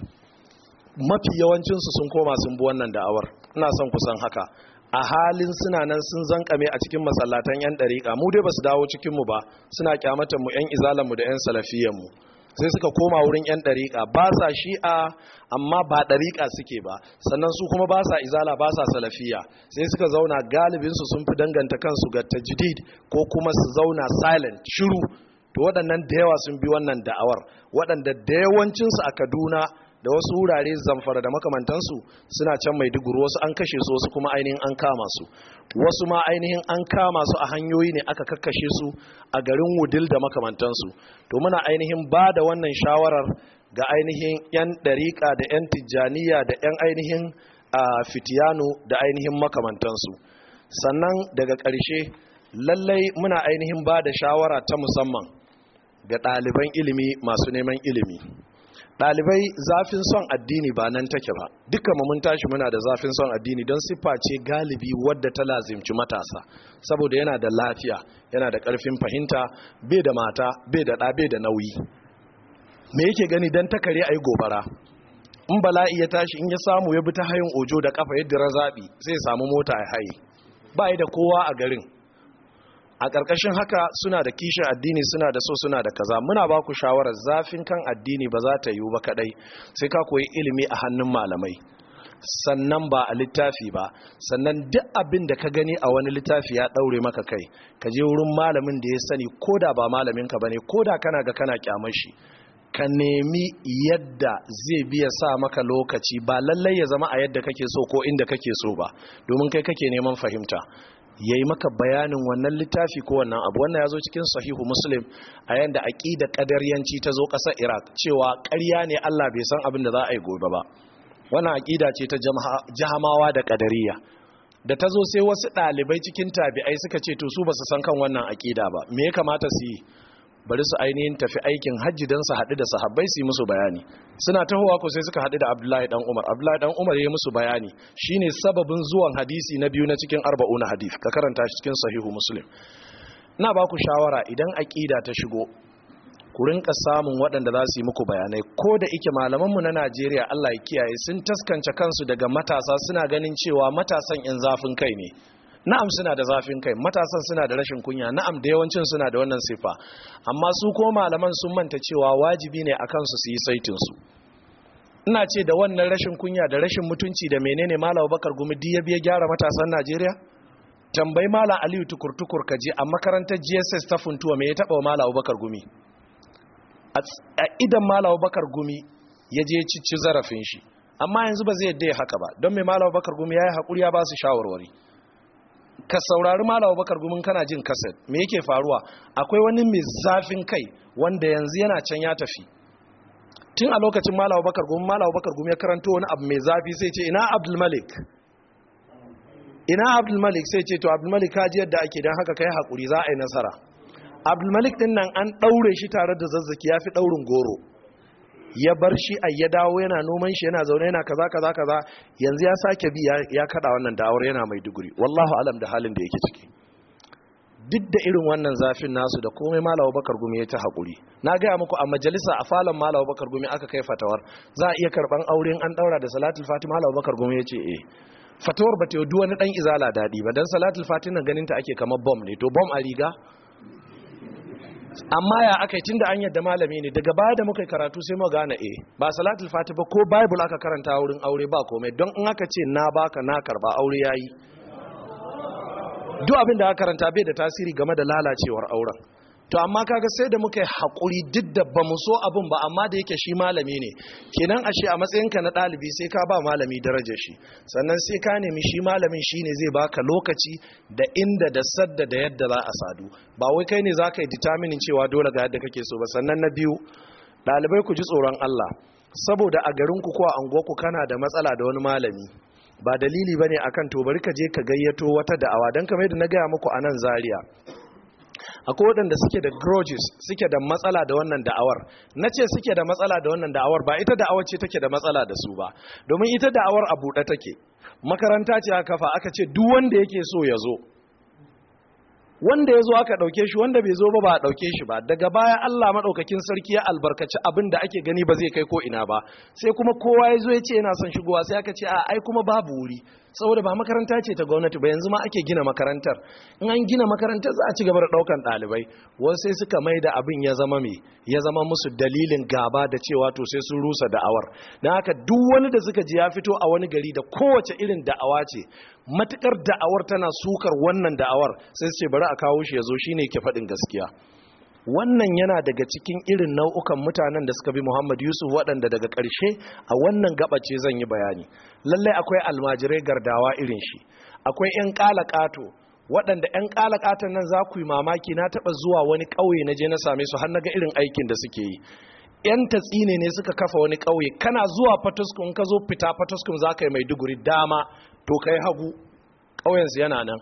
mafi yawancinsu sun koma sun bi wannan da'awar ina son kusan haka a halin suna nan sun zankame a cikin masallatan 'yan ɗariƙa mu dai ba su dawo cikinmu ba suna kyamatanmu mu 'yan izalanmu da 'yan salafiyanmu sai suka koma wurin 'yan ɗariƙa ba sa shi'a amma ba ɗariƙa suke ba sannan su kuma ba sa izala ba sa salafiya sai suka zauna galibinsu sun fi danganta kansu ga tajdid ko kuma su zauna silent shiru to waɗannan da yawa sun bi wannan da'awar waɗanda da yawancinsu a kaduna da wasu wurare zamfara da makamantansu suna can mai duguru wasu an kashe su wasu kuma ainihin an kama su wasu ma ainihin an kama su a hanyoyi ne aka kakkashe su a garin wudil da makamantansu to muna ainihin ba da wannan shawarar ga ainihin 'yan ɗariƙa da 'yan tijjaniya da 'yan ainihin a fitiyanu da ainihin makamantansu sannan daga ƙarshe lallai muna ainihin ba da shawara ta musamman ga ɗaliban ilimi masu neman ilimi Dalibai zafin son addini ba nan take ba duka mun tashi muna da zafin son addini don siffa ce galibi wadda ta lazimci matasa saboda yana da lafiya yana da karfin fahimta bai da mata bai da ɗa bai da nauyi me yake gani don takare a yi gobara in bala'i ya tashi in ya samu ya bi ta hayin ojo da kafa yadda razaɓi zai samu mota ya haye ba da kowa a garin a ƙarƙashin haka suna da kishin addini suna da so suna da kaza muna ba ku shawarar zafin kan addini ba za ta yiwu ba kaɗai sai ka koyi ilimi a hannun malamai sannan ba a littafi ba sannan duk abin da ka gani a wani littafi ya ɗaure maka kai ka je wurin malamin da ya sani ko da ba malamin ka bane ko da kana ga kana kyamar shi ka nemi yadda zai biya sa maka lokaci ba lallai ya zama a yadda kake so ko inda kake so ba domin kai kake neman fahimta ya yi maka bayanin wannan littafi ko wannan abu wannan ya zo cikin sahihu muslim a yadda yanda ƙadar yanci ta zo ƙasar iraq cewa ƙarya ne Allah bai san abin da za a yi gobe ba wannan aƙida ce ta jahamawa da ƙadariya. da ta zo sai wasu ɗalibai cikin tabi'ai suka ce to su basu san kan wannan aƙida ba me ya kamata su yi bari su ainihin tafi aikin hajji don su haɗu da sahabbai su yi musu bayani suna tahowa ko sai suka haɗu da abdullahi dan umar abdullahi dan umar ya yi musu bayani ne sababin zuwan hadisi na biyu na cikin arba'un hadif ka karanta shi cikin sahihu muslim na ba ku shawara idan ƙida ta shigo ku rinka samun waɗanda za su yi muku bayanai ko da ike malamanmu na najeriya allah ya kiyaye sun taskance kansu daga matasa suna ganin cewa matasan 'yan zafin kai ne na'am suna da zafin kai matasan suna da rashin kunya na'am da yawancin suna da wannan sifa amma su ko malaman sun manta cewa wajibi ne akan su su yi saitin su ina ce da wannan rashin kunya da rashin mutunci da menene malam bakar gumi ya biya gyara matasan najeriya tambayi malam aliyu tukurtukur tukur ka je a makarantar gss ta funtuwa mai ya taba wa malam abubakar gumi a idan malam abubakar gumi ya je cici zarafin shi amma yanzu ba zai yadda haka ba don mai malam abubakar gumi ya yi hakuri ya ba su shawarwari ka saurari malam bakar gumin kana jin kaset me yake faruwa akwai wani mai zafin kai wanda yanzu yana can ya tafi tun a lokacin malam bakar gumin malam bakar gumin ya karanto wani abu mai zafi sai ce ina abdul malik ina abdul malik sai ce to abdul malik kaji yadda ake don haka kai hakuri za a yi nasara abdulmalik malik din nan an ɗaure shi tare da zazzaki ya fi ɗaurin goro ya bar shi a ya dawo yana noman shi yana zaune yana kaza kaza kaza yanzu ya sake bi ya kada wannan da'awar yana mai duguri wallahu alam da halin da yake ciki duk da irin wannan zafin nasu da komai malawa bakar gumi ya ta haƙuri na gaya muku a majalisa a falon malawa bakar gumi aka kai fatawar za a iya karɓan auren an ɗaura da salatul fati malawa bakar gumi ya ce eh fatawar ba ta yi duwani ɗan izala daɗi ba don salatul fati nan ganin ta ake kamar bom ne to bom a riga amma ya aka tun da an yadda malami ne daga baya da muka karatu sai mu gane eh ba salatul fati ba ko bible aka karanta wurin aure ba komai don in aka ce na baka na karba aure yayi duk abin da aka karanta bai da tasiri game da lalacewar auren to amma kaga sai da muka yi haƙuri duk da ba mu so abin ba amma da yake shi malami ne kenan ashe a matsayinka na ɗalibi sai ka ba malami daraja shi sannan sai ka nemi shi malamin shi ne zai baka lokaci da inda da sadda da yadda za a sadu ba wai kai ne za ka yi determining cewa dole ga yadda kake so ba sannan na biyu ɗalibai ku ji tsoron Allah saboda a garin ku ko a unguwarku kana da matsala da wani malami ba dalili bane akan to bari ka je ka gayyato wata da'awa dan kamar yadda na gaya muku a nan Zaria akwai waɗanda suke da grudges suke da matsala da wannan da'awar na ce suke da matsala da wannan da'awar ba ita da'awar ce take da matsala da su ba domin ita da'awar a buɗe take makaranta ce aka kafa aka ce duk wanda yake so ya zo wanda ya zo aka ɗauke shi wanda bai zo ba ba a ɗauke shi ba daga baya Allah maɗaukakin sarki ya albarkaci abin da ake gani ba zai kai ko ina ba sai kuma kowa ya zo ya ce yana son shigowa sai aka ce a ai kuma babu wuri saboda ba makaranta ce ta gwamnati ba yanzu ma ake gina makarantar in an gina makarantar za a ci gaba da ɗaukan ɗalibai wani sai suka mai da abin ya zama me ya zama musu dalilin gaba da cewa to sai sun rusa da'awar don haka duk wani da suka ji ya fito a wani gari da kowace irin da'awa ce matukar da'awar tana sukar wannan da'awar sai su ce bari a kawo shi ya zo shine ke faɗin gaskiya wannan yana daga cikin irin nau'ukan mutanen da suka bi Muhammad Yusuf waɗanda daga ƙarshe a wannan gabace zan yi bayani lallai akwai almajirai gardawa irin shi akwai 'yan ƙato waɗanda 'yan ƙaton nan za ku yi mamaki na taɓa zuwa wani ƙauye na je na same su har na ga irin aikin da suke yi 'yan tatsine ne suka kafa wani ƙauye kana zuwa fataskun ka zo fita fataskun za ka yi maiduguri dama to kai hagu ƙauyensu yana nan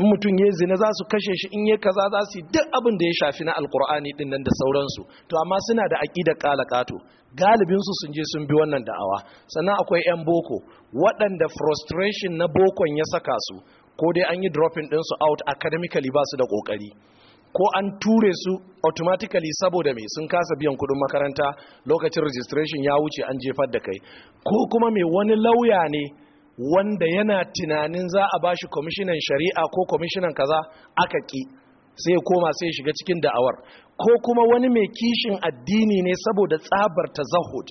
in mutum ya zina za su kashe shi in ya kaza za su yi duk abin da ya shafi na alkur'ani din nan da sauransu to amma suna da aƙidar ƙalaƙato galibinsu sun je sun bi wannan da'awa sannan akwai 'yan boko waɗanda frustration na bokon ya saka su ko dai an yi dropping ɗinsu out academically ba su da ƙoƙari ko an ture su automatically saboda mai sun kasa biyan kudin makaranta lokacin registration ya wuce an jefar da kai ko kuma mai wani lauya ne wanda yana tunanin za a bashi kwamishinan shari'a ko kwamishinan kaza aka ki sai ya koma sai ya shiga cikin da'awar ko kuma wani mai kishin addini ne saboda tsabar ta zahud?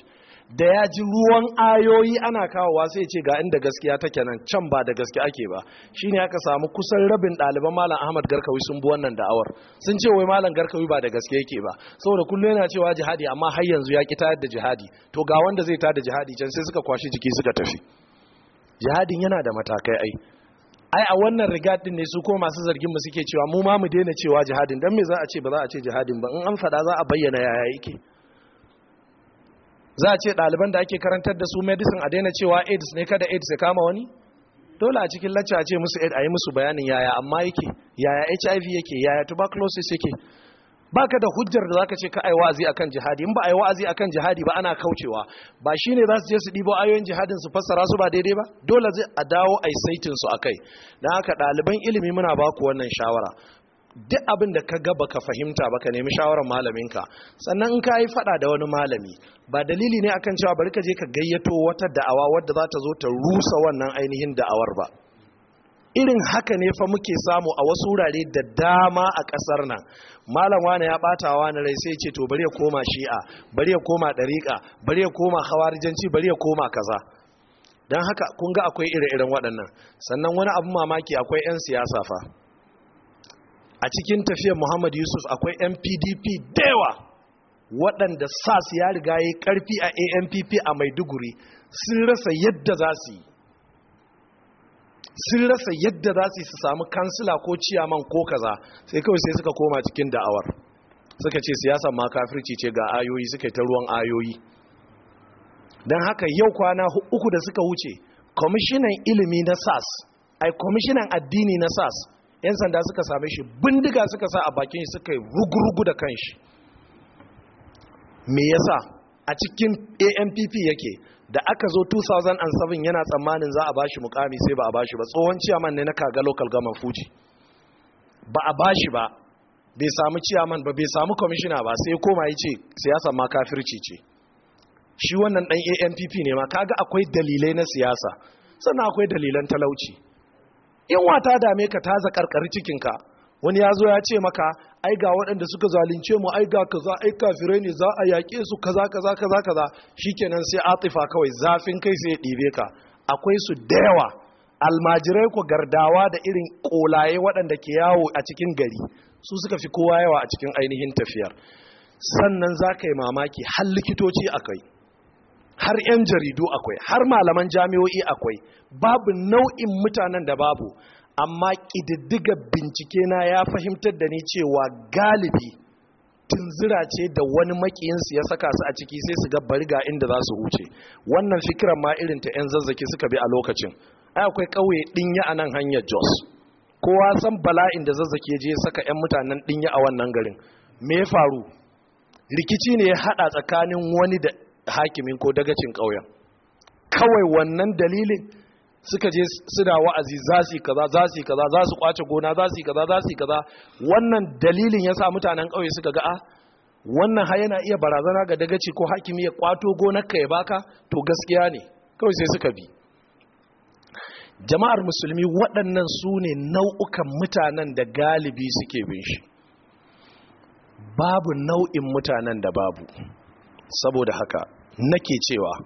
da ya ji ruwan ayoyi ana kawowa sai ce ga inda gaskiya take nan can ba da gaskiya ake ba shine aka samu kusan rabin ɗaliban malam ahmad garkawi sun bi wannan da'awar sun ce wai malam garkawi ba da gaskiya yake ba saboda kullum yana cewa jihadi amma har yanzu ya ki tayar da jihadi to ga wanda zai tayar da jihadi can sai suka kwashe jiki suka tafi jihadin yana da matakai ai ai a wannan rigat din ne su ko masu zargin mu suke cewa mu ma mu daina cewa jihadin dan me za a ce ba za a ce jihadin ba in an fada za a bayyana yaya yake za a ce ɗaliban da ake karantar da su medicine a daina cewa aids ne kada aids ya kama wani dole a cikin lacca a ce musu aids a yi musu bayanin yaya amma yake yaya hiv yake yaya tuberculosis yake baka da hujjar da zaka ce ka ai wa'azi akan jihadi in ba ai wa'azi akan jihadi ba ana kaucewa ba shine za su je su dibo ayoyin jihadin su fassara su ba daidai ba dole zai a dawo ai saitin su akai dan haka ɗaliban ilimi muna baku wannan shawara duk abin da ka gaba ka fahimta ba ka nemi shawarar malaminka sannan in ka yi fada da wani malami ba dalili ne akan cewa bari ka je ka gayyato wata da'awa wadda za ta zo ta rusa wannan ainihin da'awar ba irin haka ne fa muke samu a wasu wurare da dama a ƙasar nan malam wani ya bata wani rai sai ce to bari ya koma shi'a bari ya koma ɗariƙa bari ya koma hawarijanci bari ya koma kaza don haka kun ga akwai ire-iren waɗannan sannan wani abu mamaki akwai 'yan siyasa fa a cikin tafiyar muhammad yusuf akwai mpdp dewa waɗanda sas ya riga ya ƙarfi a ampp a maiduguri sun rasa yadda za su yi sun rasa yadda za su yi su samu kansila ko ciyaman ko kaza sai kawai sai suka koma cikin da'awar suka ce siyasa ma kafirci ce ga ayoyi suka yi ta ruwan ayoyi don haka yau kwana uku da suka wuce kwamishinan ilimi na sas ai kwamishinan addini na sas 'yan sanda suka same shi bindiga suka sa a bakin shi suka yi rugurugu da kanshi me yasa a cikin ampp yake da aka zo 2007 yana tsammanin za a bashi mukami sai ba a bashi ba tsohon ciyaman ne na kaga local gama fuji ba a bashi ba bai samu ciyaman ba bai samu kwamishina ba sai koma ya ce siyasa ma kafirci ce shi wannan dan ampp ne ma kaga akwai dalilai na siyasa sannan akwai dalilan talauci wa ta dame ka ta zakarkari cikinka wani ya zo ya ce maka ai ga waɗanda suka zalunce mu ai ga kaza ai kafirai ne za a yaƙe su kaza kaza kaza kaza shikenan sai atifa kawai zafin kai sai ya ɗibe ka akwai su da yawa almajirai ku gardawa da irin ƙolaye waɗanda ke yawo a cikin gari su suka fi kowa yawa a cikin ainihin tafiyar sannan za ka yi mamaki har likitoci a kai har 'yan jaridu akwai har malaman jami'o'i akwai babu nau'in mutanen da babu amma ƙididdiga bincike na ya fahimtar da ni cewa galibi tunzira ce da wani makiyinsu ya saka su a ciki sai su ga bariga ga inda za su huce wannan fikiran ma irin ta 'yan zazzaki suka bi a lokacin ai akwai ƙauye ɗinya a nan hanyar jos kowa san bala'in da zazzaki ya je saka 'yan mutanen ɗinya a wannan garin me ya faru rikici ne ya haɗa tsakanin wani da hakimin ko dagacin ƙauyen kawai wannan dalilin suka je suna wa'azi za su kaza za su kaza za su kwace gona za su kaza za su kaza wannan dalilin ya sa mutanen ƙauye suka ga a ah, wannan har yana iya barazana ga dagaci ko hakimi ya kwato gonarka ya baka to gaskiya ne kawai sai suka bi jama'ar musulmi waɗannan su ne nau'ukan mutanen da galibi suke bin shi babu nau'in mutanen da babu saboda haka nake cewa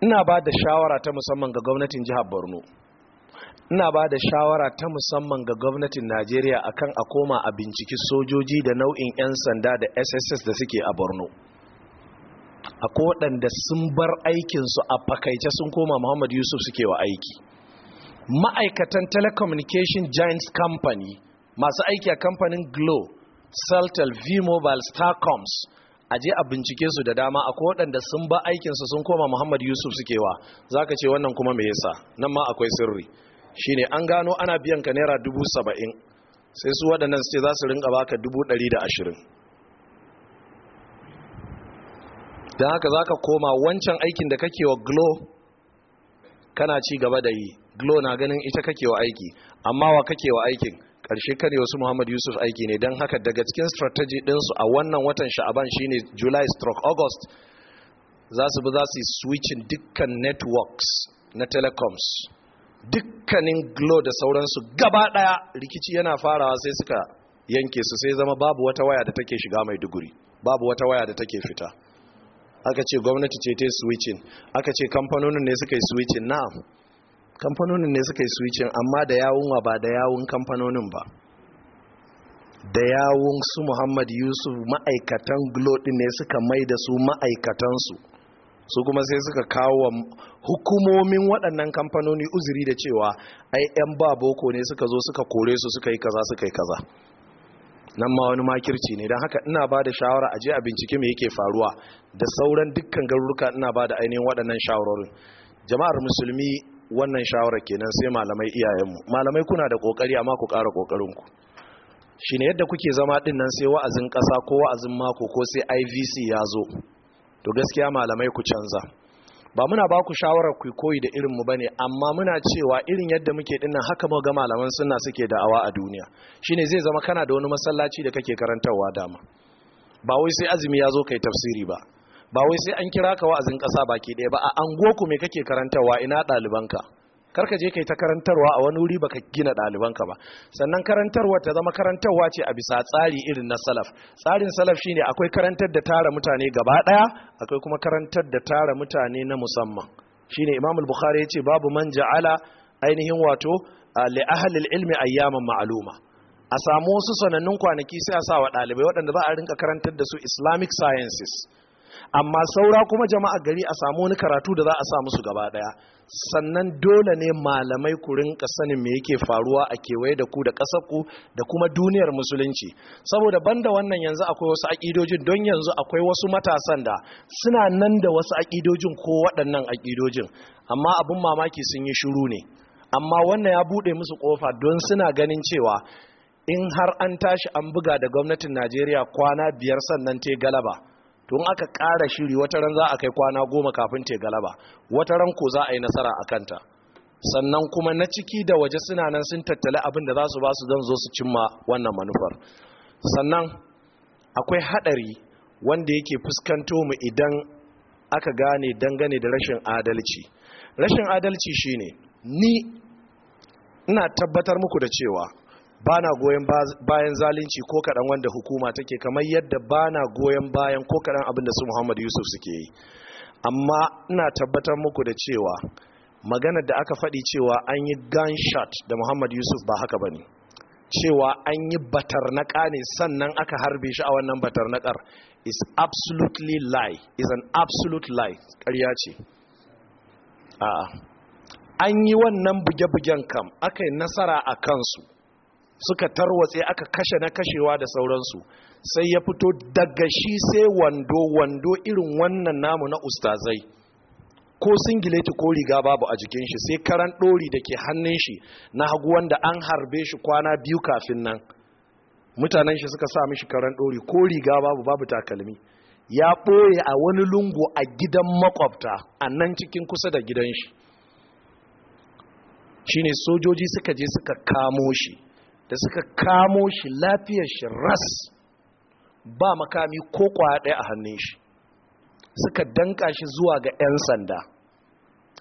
ina ba da shawara ta musamman ga gwamnatin jihar borno ina ba da shawara ta musamman ga gwamnatin najeriya akan a koma a binciki sojoji da nau'in 'yan sanda da sss da suke a borno a waɗanda sun bar aikinsu a fakaice sun koma muhammad yusuf suke wa aiki ma'aikatan telecommunication giants company masu aiki a kamfanin glo celtel v-mobile starcoms a je a bincike su da dama akwai waɗanda sun ba aikinsu sun koma muhammad yusuf wa, za ka ce wannan kuma me yasa nan ma akwai sirri shine an gano ana biyan ka naira dubu saba'in sai su waɗannan su ce za su rinka baka dubu ɗari da ashirin don haka za ka koma wancan aikin da kake wa glo kana ci gaba da yi glo na ganin ita kake wa aiki amma wa kake wa aikin karshe kan wasu Muhammad Yusuf aiki ne don haka daga cikin strategy ɗinsu a wannan watan sha'aban shine July stroke August za su bi za su yi switching dukkan networks na telecoms dukkanin glo da sauransu gaba ɗaya rikici yana farawa sai suka yanke su sai zama babu wata waya da take shiga mai duguri babu wata waya da take fita aka ce gwamnati ce ta switching aka ce kamfanonin ne suka yi switching na'am kamfanonin ne suka yi switching amma da yawun ba da yawun kamfanonin ba da yawun su muhammad yusuf ma'aikatan glodi ne suka mai da su ma'aikatansu su kuma sai suka kawo wa hukumomin waɗannan kamfanoni uzuri da cewa ai 'yan ba boko ne suka zo suka kore su suka yi kaza suka yi kaza nan ma wani makirci ne don haka ina ba da shawara a je a bincike mai yake faruwa da sauran dukkan garuruka ina ba da ainihin waɗannan shawarorin jama'ar musulmi wannan shawara kenan sai malamai iyayenmu malamai kuna da kokari amma ku ƙara kokarinku shine yadda kuke zama din nan sai wa'azin ƙasa ko wa'azin mako ko sai IVC ya zo to gaskiya malamai ku canza ba muna ba ku shawarar ku koyi da irinmu ba ne amma muna cewa irin yadda muke dinnan haka mu ga malaman sunna suke da awa a duniya shine zai zama kana da wani masallaci da kake karantarwa dama ba wai sai azumi ya zo kai tafsiri ba ba wai sai an kira ka wa'azin ƙasa baki ɗaya ba a goku me kake karantarwa ina ɗalibanka karka je kai ta karantarwa a wani wuri ba ka gina ɗalibanka ba sannan karantarwa ta zama karantarwa ce a bisa tsari irin na salaf tsarin salaf ne akwai karantar da tara mutane gaba ɗaya akwai kuma karantar da tara mutane na musamman shine imam bukhari ya ce babu man ja'ala ainihin wato li ahlil ilmi ayyaman ma'aluma a samu wasu sanannun kwanaki sai a ɗalibai waɗanda za a rinka karantar da su islamic sciences amma saura kuma jama'a gari a samu wani karatu da za a sa musu gaba daya sannan dole ne malamai ku rinka sanin me yake faruwa a kewaye da ku da ƙasar ku da kuma duniyar musulunci saboda banda wannan yanzu akwai wasu aƙidojin don yanzu akwai wasu matasan da suna nan da wasu aƙidojin ko waɗannan aƙidojin amma abin mamaki sun yi shiru ne amma wannan ya buɗe musu ƙofa don suna ganin cewa in har an tashi an buga da gwamnatin najeriya kwana biyar sannan te galaba tun aka ƙara shiri wata ran za a kai kwana goma kafin te galaba wata ran ko za a yi nasara a kanta sannan kuma na ciki da waje suna nan sun tattali abin da za su ba su don zo su cimma wannan manufar sannan akwai haɗari wanda yake fuskanto mu idan aka gane dangane da rashin adalci rashin adalci shine ni ina tabbatar muku da cewa ba na goyon bayan zalunci ko kaɗan wanda hukuma take kamar yadda ba na goyon bayan ko kaɗan abin da su muhammadu yusuf suke yi amma ina tabbatar muku da cewa maganar da aka faɗi cewa an yi gunshot da muhammadu yusuf ba haka ba ne cewa an yi batarnaka ne sannan aka harbe shi a wannan batarnakar is absolutely lie is an absolute lie ƙarya ce an yi wannan buge-bugen kam aka yi nasara a kansu suka tarwatse aka kashe na kashewa da sauransu sai ya fito daga shi sai wando wando irin wannan namu na ustazai ko singileti ko riga babu a jikin shi sai karan ɗori da ke hannun shi na hagu wanda an harbe shi kwana biyu kafin nan mutanen shi suka sa mishi karan dori ko riga babu babu takalmi ya ɓoye a wani lungu a gidan makwabta a nan cikin kusa da gidan shi shine sojoji suka je suka kamo shi da suka kamo shi lafiyar shi ras ba makami ko kwaya ɗaya a hannun shi suka danka shi zuwa ga 'yan sanda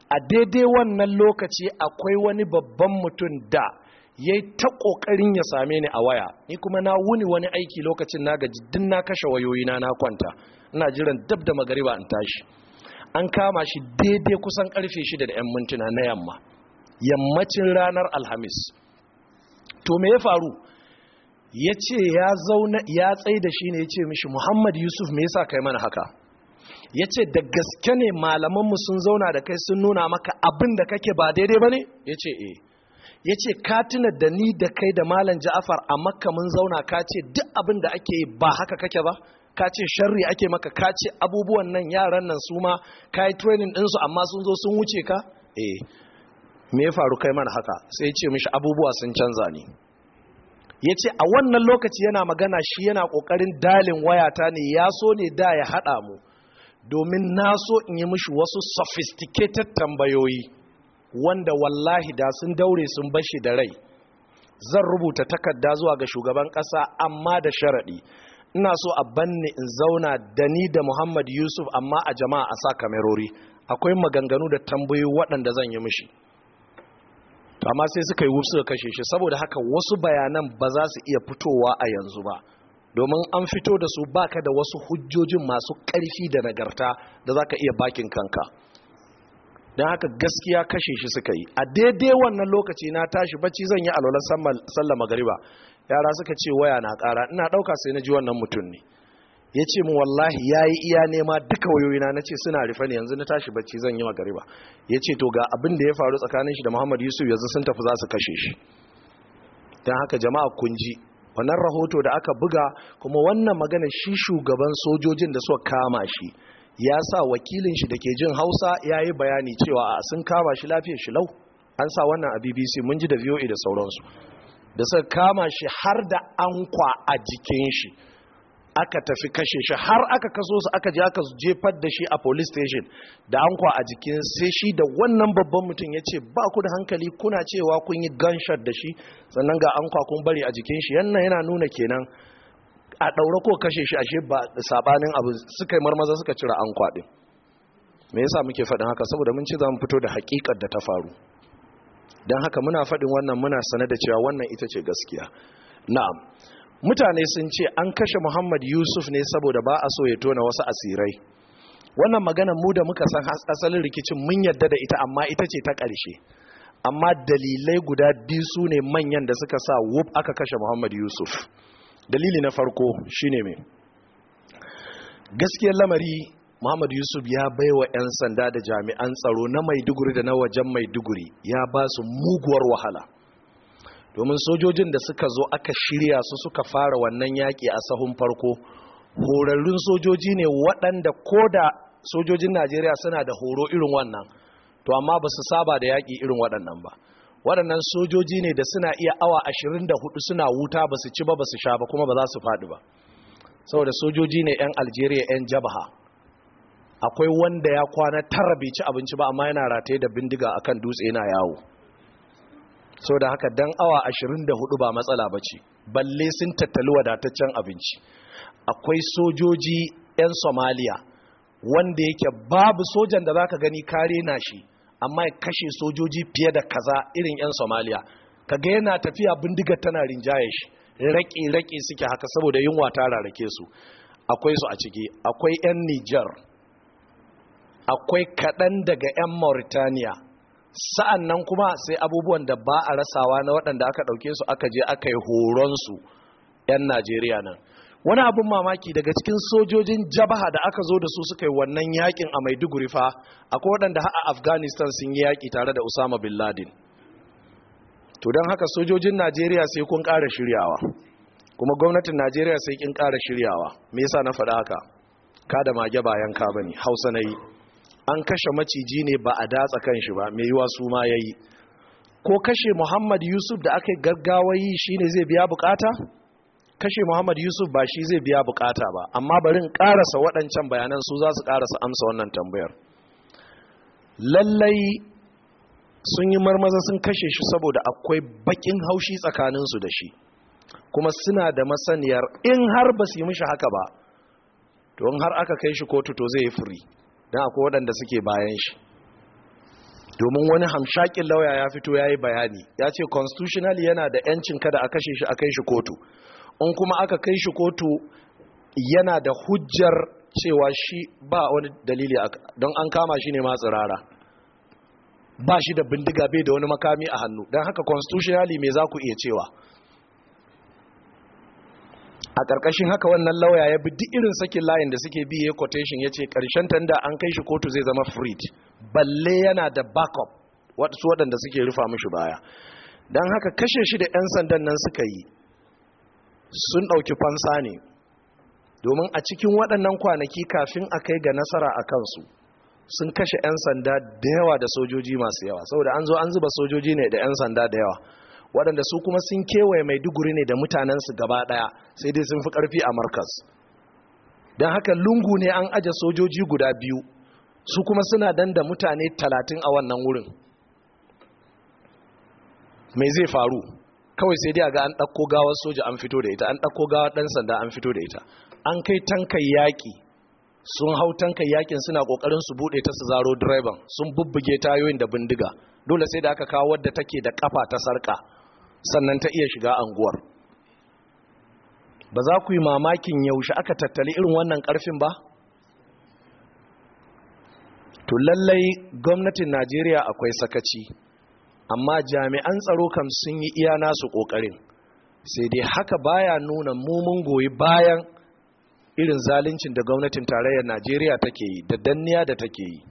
a daidai wannan lokaci akwai wani babban mutum da ya yi ta ƙoƙarin ya same ni a waya ni kuma na wuni wani aiki lokacin na gaji duk na kashe wayoyina na kwanta ina jiran dab da magariba an tashi an kama shi daidai kusan karfe shida da 'yan mintuna na yamma yammacin ranar alhamis to me ya faru ya ce ya zauna ya tsaye da shi ne ya ce mishi muhammad yusuf me yasa kai mana haka ya ce da gaske ne malamanmu sun zauna da kai sun nuna maka abin da kake ba daidai ba ne ya ce e. ya ce ka tuna da ni da kai da malam ja'afar a makka mun zauna ka ce duk abin da ake yi ba haka kake ba ka ce sharri ake maka ka ce abubuwan nan yaran nan su ma ka yi training ɗinsu amma sun zo sun wuce ka eh me ya faru kai mana haka sai ce mishi abubuwa sun canza ne ya ce a wannan lokaci yana magana shi yana ƙoƙarin dalin wayata ne ya so ne da ya haɗa mu domin na so in yi mishi wasu sophisticated tambayoyi wanda wallahi da sun daure sun bashi da rai zan rubuta takarda zuwa ga shugaban ƙasa amma da sharaɗi ina so a banne in zauna da ni da muhammad yusuf amma a jama'a a sa kamerori akwai maganganu da tambayoyi waɗanda zan yi mishi amma sai suka yi wuf suka kashe shi saboda haka wasu bayanan ba za su iya fitowa a yanzu ba domin an fito da su baka da wasu hujjojin masu ƙarfi da nagarta da za ka iya bakin kanka don haka gaskiya kashe shi suka yi a daidai wannan lokaci na tashi bacci zan yi alwalar sallah magariba yara suka ce waya na ƙara ina ɗauka sai na ji wannan mutum ne ya ce mu wallahi ya yi iya nema duka wayoyina na ce suna rufe ne yanzu na tashi bacci zan yi ba. ya ce to ga abin da ya faru tsakanin shi da muhammad yusuf yanzu sun tafi za su kashe shi don haka jama'a kunji wannan rahoto da aka buga kuma wannan magana shi shugaban sojojin da suka kama shi ya sa wakilin shi da ke jin hausa ya yi bayani cewa a sun kama shi lafiyar shi lau an sa wannan a bbc mun ji da voa da sauransu da suka kama shi har da ankwa a jikin shi aka tafi kashe shi har aka kaso su aka je aka jefar da shi a police station da an kwa a jikin sai shi da wannan babban mutum ya ce ba ku da hankali kuna cewa kun yi gunshot da shi sannan ga an kwa kun bari a jikin shi yannan yana nuna kenan a ɗaura ko kashe shi a ba sabanin abu suka yi marmaza suka cire an kwa ɗin me yasa muke faɗin haka saboda mun ce za mu fito da haƙiƙar da ta faru don haka muna faɗin wannan muna sane da cewa wannan ita ce gaskiya na'am mutane sun ce an kashe muhammad yusuf ne saboda ba a so ya tona wasu asirai wannan magana mu da muka san asalin rikicin mun yadda da ita amma ita ce ta ƙarshe amma dalilai guda biyu su ne manyan da suka sa wub aka kashe muhammad yusuf dalili na farko shine mai gaskiyar lamari muhammad yusuf ya baiwa 'yan sanda da jami'an tsaro na maiduguri da na wajen maiduguri ya ba su muguwar wahala domin sojojin da suka zo aka shirya su suka fara wannan yaƙi a sahun farko horarrun sojoji ne waɗanda ko da sojojin najeriya suna da horo irin wannan to amma ba su saba da yaƙi irin waɗannan ba waɗannan sojoji ne da suna iya awa ashirin da hudu suna wuta ba su ci ba ba su sha ba kuma ba za su faɗi ba saboda sojoji ne 'yan algeria 'yan jabaha akwai wanda ya kwana tara bai ci abinci ba amma yana rataye da bindiga akan dutse yana yawo so da haka dan awa 24 ba matsala ba ce balle sun tattali wadataccen abinci akwai sojoji 'yan somaliya wanda yake babu sojan da za ka gani kare na shi amma ya kashe sojoji fiye da kaza irin 'yan somaliya kaga yana tafiya bindiga tana rinjaye shi raƙi-raƙi suke haka saboda yunwa ta rarake su akwai su a ciki akwai 'yan niger akwai kaɗan daga 'yan mauritania sa'an nan kuma sai abubuwan da ba a rasawa na waɗanda aka ɗauke su aka je aka yi horonsu 'yan najeriya nan wani abin mamaki daga cikin sojojin jabaha da aka zo da su suka yi wannan yakin a maiduguri fa akwai waɗanda a afghanistan sun yi yaki tare da usama bin ladin to don haka sojojin najeriya sai kun ƙara shiryawa kuma gwamnatin najeriya sai kin ƙara shiryawa me yasa na faɗa haka ka da mage yanka ba ne, hausa na yi an kashe maciji ne ba a datsa kan shi ba mai yiwa su ma ya yi ko kashe muhammad yusuf da aka gaggawa yi shi ne zai biya bukata kashe muhammad yusuf ba shi zai biya bukata ba amma bari in karasa waɗancan bayanan su za su karasa amsa wannan tambayar lallai sun yi marmaza sun kashe shi saboda akwai bakin haushi tsakaninsu da shi kuma suna da masaniyar in har ba su yi mishi haka ba to in har aka kai shi kotu to zai yi furi don akwai waɗanda suke bayan shi domin wani hamshakin lauya ya fito ya yi bayani ya ce constitutional yana da 'yancin kada a kashe shi a kai shi kotu in kuma aka kai shi kotu yana da hujjar cewa shi ba wani dalili don an kama shi ne ma tsirara ba shi da bindiga bai da wani makami a hannu don haka constitutional mai za ku iya cewa a ƙarƙashin haka wannan lauya ya bi duk irin sakin layin da suke bi ya quotation ya ce ƙarshen tanda an kai shi kotu zai zama freed balle yana da backup wasu waɗanda suke rufa mashi baya don haka kashe shi da 'yan sandan nan suka yi sun ɗauki fansa ne domin a cikin waɗannan kwanaki kafin a kai ga nasara a kansu sun kashe 'yan sanda da yawa da sojoji masu yawa saboda an zo an zuba sojoji ne da 'yan sanda da yawa waɗanda su kuma sun kewaye maiduguri ne da mutanensu gaba ɗaya sai dai sun fi ƙarfi a markas don haka lungu ne an aje sojoji guda biyu su kuma suna dan da mutane talatin a wannan wurin mai zai faru kawai sai dai a ga an ɗakko gawar soja an fito da ita an ɗakko gawar ɗan sanda an fito da ita an kai tankai yaƙi sun hau tankai yaƙin suna ƙoƙarin su buɗe ta su zaro direban sun bubbuge tayoyin da bindiga dole sai da aka kawo wadda take da ƙafa ta sarƙa. sannan ta iya shiga anguwar ba za ku yi mamakin yaushe aka tattali irin wannan karfin ba to lallai gwamnatin najeriya akwai sakaci amma jami'an tsaro kam sun yi iya nasu kokarin sai dai haka baya nuna mumun goyi bayan irin zaluncin da gwamnatin tarayyar najeriya take yi da danniya da take yi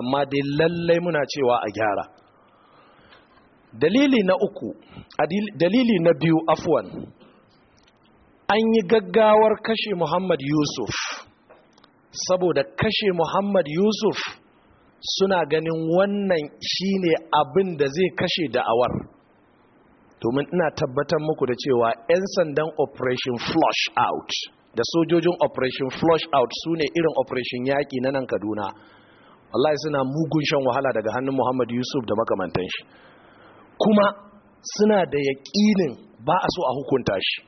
amma dai lallai muna cewa a gyara dalili na uku dalili na biyu afwan an yi gaggawar kashe muhammad yusuf saboda kashe muhammad yusuf suna ganin wannan shine abin da zai kashe da'awar domin ina tabbatar muku da cewa 'yan sandan operation flush out da sojojin operation flush out su ne irin operation yaƙi na nan kaduna wallahi suna mugun shan wahala daga hannun muhammad yusuf da makamantan shi kuma suna da yaƙinin ba a so a hukunta shi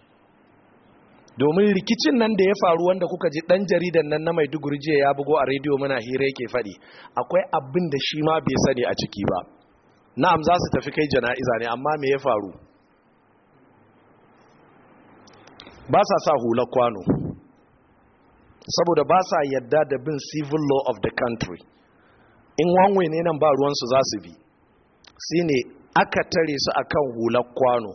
domin rikicin nan da ya faru wanda kuka ji ɗan jaridan nan na maiduguri jiya ya bugo a rediyo muna hira yake faɗi akwai abin da shi ma bai sani a ciki ba na'am za su tafi kai jana'iza ne amma me ya faru ba sa sa hular kwano saboda ba sa yadda da bin civil law of the country in wanwe ne nan ba ruwansu za su bi shi ne aka tare su a kan hular kwano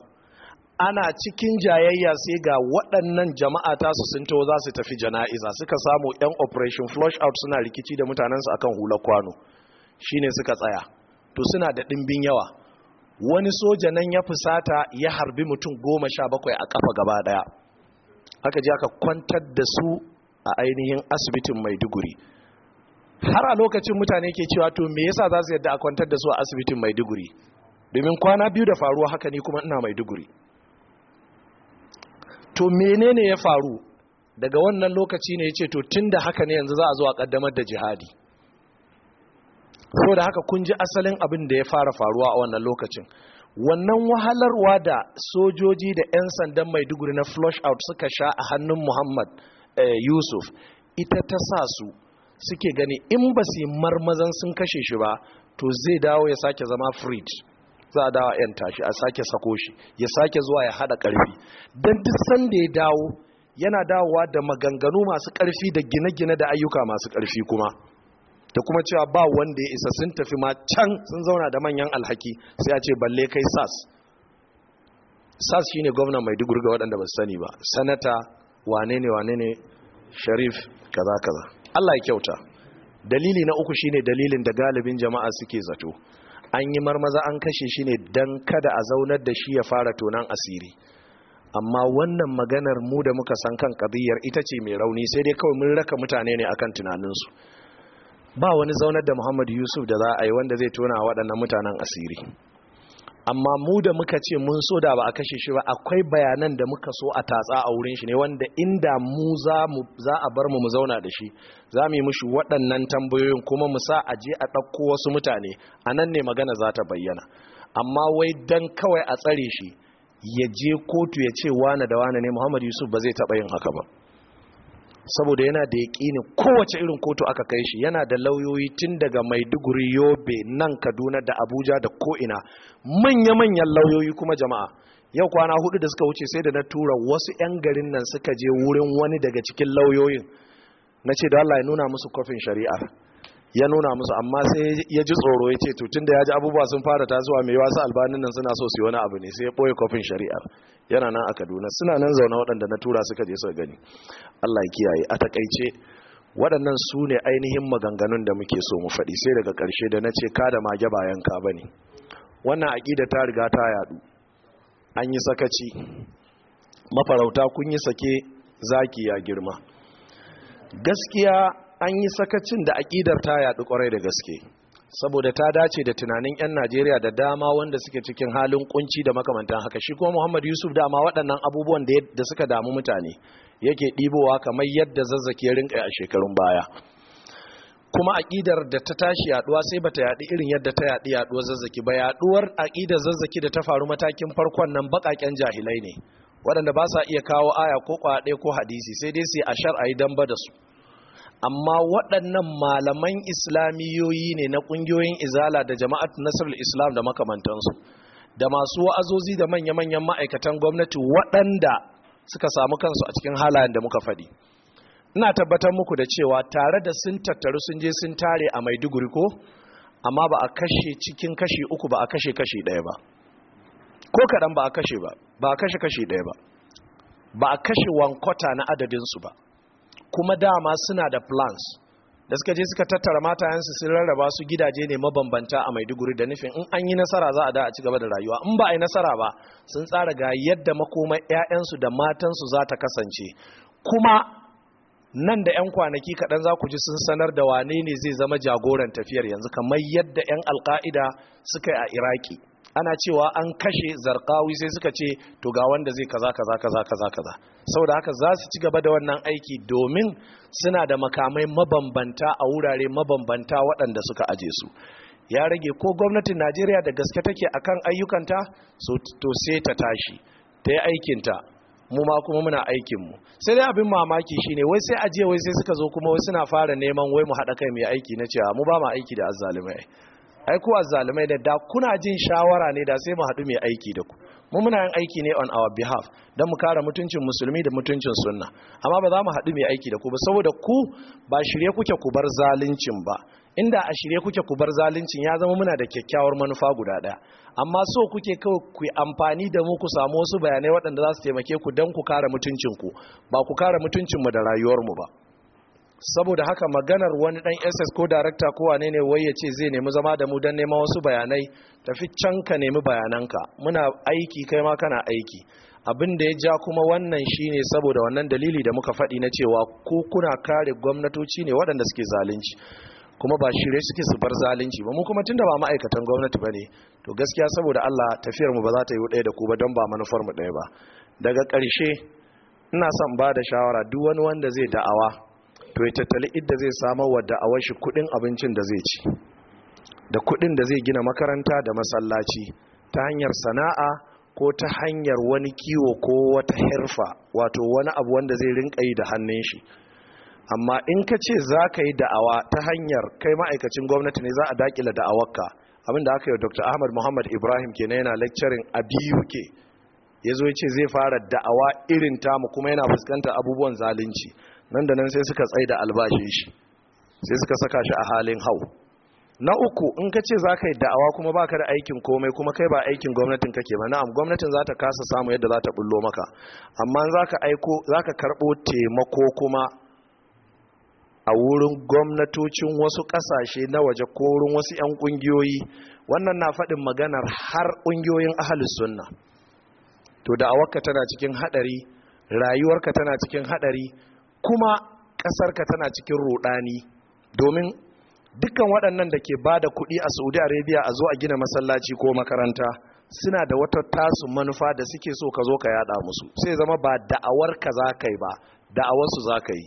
ana cikin jayayya sai ga waɗannan jama'a tasu sun to za su tafi jana'iza suka samu 'yan operation flush out suna rikici da mutanensu akan hular kwano Shi ne suka tsaya to suna da ɗimbin yawa wani soja nan ya fusata ya harbi mutum goma sha bakwai a kafa gaba ɗaya aka ji aka kwantar da su a ainihin asibitin maiduguri har a lokacin mutane ke cewa to me yasa za su yadda a kwantar da su a asibitin maiduguri domin kwana biyu da faruwa haka ni kuma ina mai maiduguri to menene ya faru daga wannan lokaci ne ya ce to tun da haka ne yanzu za a zo a kaddamar da jihadi so da haka kun ji asalin abin da ya fara faruwa a wannan lokacin wannan wahalarwa da sojoji da 'yan sandan maiduguri na flush out suka sha a hannun muhammad eh, yusuf ita ta sa su suke gani in ba su yi marmazan sun kashe shi ba to zai dawo ya sake zama fridge za a dawa yan tashi a sake sako shi ya sake zuwa ya hada karfi don duk sanda ya dawo yana dawowa da maganganu masu karfi da gine-gine da ayyuka masu karfi kuma da kuma cewa ba wanda ya isa sun tafi ma can sun zauna da manyan alhaki sai a ce balle kai sas sas shine gwamnan maiduguri ga waɗanda ba su sani ba sanata wane ne wane ne sharif kaza kaza allah ya kyauta dalili na uku shine dalilin da galibin jama'a suke zato an yi marmaza an kashe shi ne don kada a zaunar da shi ya fara tonan asiri amma wannan maganar mu da muka san kan kadiyar ita ce mai rauni sai dai kawai mun raka mutane ne akan tunaninsu ba wani zaunar da Muhammadu yusuf da za a yi wanda zai tona waɗannan mutanen asiri amma mu da muka ce mun so da ba a kashe shi ba akwai bayanan da muka so a tatsa a wurin shi ne wanda inda mu za a bar mu mu zauna da shi za mu yi mushi waɗannan tambayoyin kuma mu sa a je a ɗauko wasu mutane a nan ne magana za ta bayyana amma wai dan kawai a tsare shi ya je kotu ya ce wane da wane ne muhammad yusuf ba zai taɓa yin haka ba saboda yana da yaƙini kowace irin kotu aka kai shi yana da lauyoyi tun daga maiduguri yobe nan kaduna da abuja da ko'ina manya-manyan lauyoyi kuma jama'a yau kwana hudu da suka wuce sai da na tura wasu 'yan garin nan suka je wurin wani daga cikin lauyoyin na ce da allah ya nuna musu kofin shari'ar ya nuna musu amma sai ya ji tsoro ya ce to da ya ji abubuwa sun fara tasowa mai wasu albanin nan suna so su yi wani abu ne sai ya ɓoye kofin shari'ar yana nan a kaduna suna nan zaune waɗanda na tura suka je su gani allah ya kiyaye a takaice waɗannan su ne ainihin maganganun da muke so mu faɗi sai daga ƙarshe da na ce ka da mage bayan ka ba ne wannan aƙida ta riga ta yaɗu an yi sakaci mafarauta kun yi sake zaki ya girma gaskiya an yi sakacin da aƙidar ta yaɗu kwarai da gaske saboda ta dace da tunanin 'yan najeriya da dama wanda suke cikin halin kunci da makamantan haka shi kuma muhammad yusuf dama waɗannan abubuwan da suka damu mutane yake ɗibowa kamar yadda zazzake rinka a shekarun baya kuma aƙidar da ta tashi yaduwa sai bata yaɗi irin yadda ta yaɗi yaduwar zazzaki ba yaduwar aƙidar zazzaki da ta faru matakin farkon nan baƙaƙen jahilai ne waɗanda ba sa iya kawo aya ko kwa ko hadisi sai dai su yi ashar a yi damba da su amma waɗannan malaman islamiyoyi ne na ƙungiyoyin izala da jama'at nasarar islam da makamantansu da masu wa'azozi da manya-manyan ma'aikatan gwamnati waɗanda suka samu kansu a cikin halayen da muka faɗi ina tabbatar muku da cewa tare da sun tattaru sun je sun tare a maiduguri ko amma ba a kashe cikin kashi uku ba a kashe kashi ɗaya ba ko kaɗan ba a kashe ba ba a kashe kashi ɗaya ba ba a kashe wankwata na adadinsu ba kuma dama suna da plans da suka je suka tattara matayensu sun rarraba su gidaje ne mabambanta a maiduguri da nufin in an yi nasara za a da a ci gaba da rayuwa in ba a yi nasara ba sun tsara ga yadda makoma 'ya'yansu da matansu za ta kasance kuma nan da 'yan kwanaki kaɗan za ku ji sun sanar da wane ne zai zama jagoran tafiyar yanzu kamar yadda 'yan alka'ida suka yi a iraki ana cewa an kashe zarkawi sai suka ce to ga wanda zai kaza kaza kaza kaza kaza saboda haka za su ci gaba da wannan aiki domin suna da makamai mabambanta a wurare mabambanta waɗanda suka aje su ya rage ko gwamnatin Najeriya da gaske take kan ayyukanta so to sai ta tashi ta yi aikinta mu ma kuma muna aikinmu sai dai abin mamaki shine wai sai ajiye wai sai suka zo kuma wai suna fara neman wai mu haɗa kai mai aiki na cewa mu ba ma aiki da azzalumai ai kuwa zalimai da da kuna jin shawara ne da sai mu hadu mai aiki da ku mu muna yin aiki ne on our behalf don mu kare mutuncin musulmi da mutuncin sunna amma ba za mu haɗu mai aiki da ku ba saboda ku ba shirye kuke ku bar zaluncin ba inda a shirye kuke ku bar zaluncin ya zama muna da kyakkyawar manufa guda ɗaya amma so kuke kawai ku amfani da mu ku samu wasu bayanai waɗanda za su taimake ku dan ku kare mutuncin ku ba ku kare mutuncin mu da rayuwar mu ba saboda haka maganar wani dan ss ko darakta ko wane ne wai ya ce zai nemi zama da mu don neman wasu bayanai tafi can ka nemi bayananka muna aiki kai ma kana aiki abin da ya ja kuma wannan shine saboda wannan dalili da muka faɗi na cewa ko kuna kare gwamnatoci ne waɗanda suke zalunci kuma ba shirye suke su bar zalunci ba mu kuma tunda ba ma'aikatan gwamnati ba ne to gaskiya saboda Allah tafiyar mu ba za ta yi ɗaya da ku ba don ba manufar mu ɗaya ba daga ƙarshe ina son ba da shawara duk wani wanda zai da'awa to ya tattali idda zai samar wa da'awar shi kudin abincin da zai ci da kudin da zai gina makaranta da masallaci ta hanyar sana'a ko ta hanyar wani kiwo ko wata herfa wato wani abu wanda zai rinka yi da hannun shi amma in ka ce za ka yi da'awa ta hanyar kai ma'aikacin gwamnati ne za a dakila da'awarka abinda aka yi wa dr ahmad muhammad ibrahim ke na yana laccarin a ke ya zo ce zai fara da'awa irin tamu kuma yana fuskantar abubuwan zalunci nan da nan sai suka tsai da albashin shi sai suka saka shi a halin hau na uku in ka ce za ka yi da'awa kuma ba ka da aikin komai kuma kai ba aikin gwamnatin kake ba na'am gwamnatin za ta kasa samu yadda za ta bullo maka amma za ka aiko za ka karɓo taimako kuma a wurin gwamnatocin wasu ƙasashe na waje ko wurin wasu 'yan ƙungiyoyi wannan na faɗin maganar har ƙungiyoyin ahalus sunna to da'awarka tana cikin haɗari rayuwarka tana cikin haɗari kuma ƙasarka tana cikin rudani domin dukkan waɗannan da ke bada kuɗi a saudi arabia a zo a gina masallaci ko makaranta suna da wata tasu manufa da suke so ka zo ka yada musu sai zama ba da'awar ka za ka yi ba su za ka yi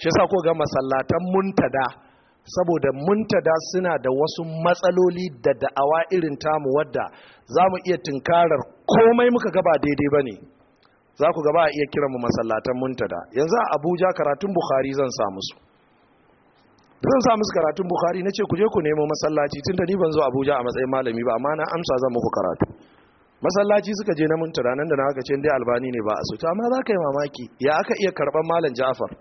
shi sa ko ga masallatan muntada saboda muntada suna da wasu matsaloli da da'awa irin tamu wadda za mu iya tunkarar komai muka gaba daidai ba ne za ku gaba a iya kiran mu masallatan muntada yanzu a abuja karatun bukhari zan sa musu zan sa musu karatun bukhari na ce ku je ku nemo masallaci tun da ni ban zo abuja a matsayin malami ba amma na amsa zan muku karatu masallaci suka je na muntada nan da na haka ce albani ne ba a so amma za ka yi mamaki ya aka iya karban malam ja'far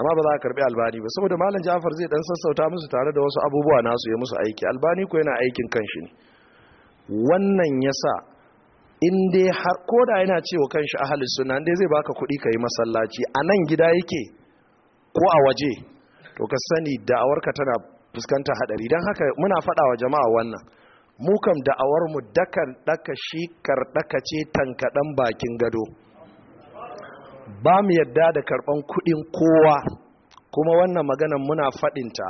amma ba za a karbi albani ba saboda malam ja'far zai dan sassauta musu tare da wasu abubuwa nasu ya musu aiki albani ko yana aikin kanshi ne wannan yasa in dai har koda yana cewa kanshi ahli sunna dai zai baka kuɗi ka yi masallaci a nan gida yake ko a waje to ka sani da'awarka tana fuskantar hadari don haka muna faɗa wa jama'a wannan mu kam da'awar mu dakan daka shi karɗaka ce tankaɗan bakin gado ba mu yadda da karɓan kuɗin kowa kuma wannan maganan muna faɗinta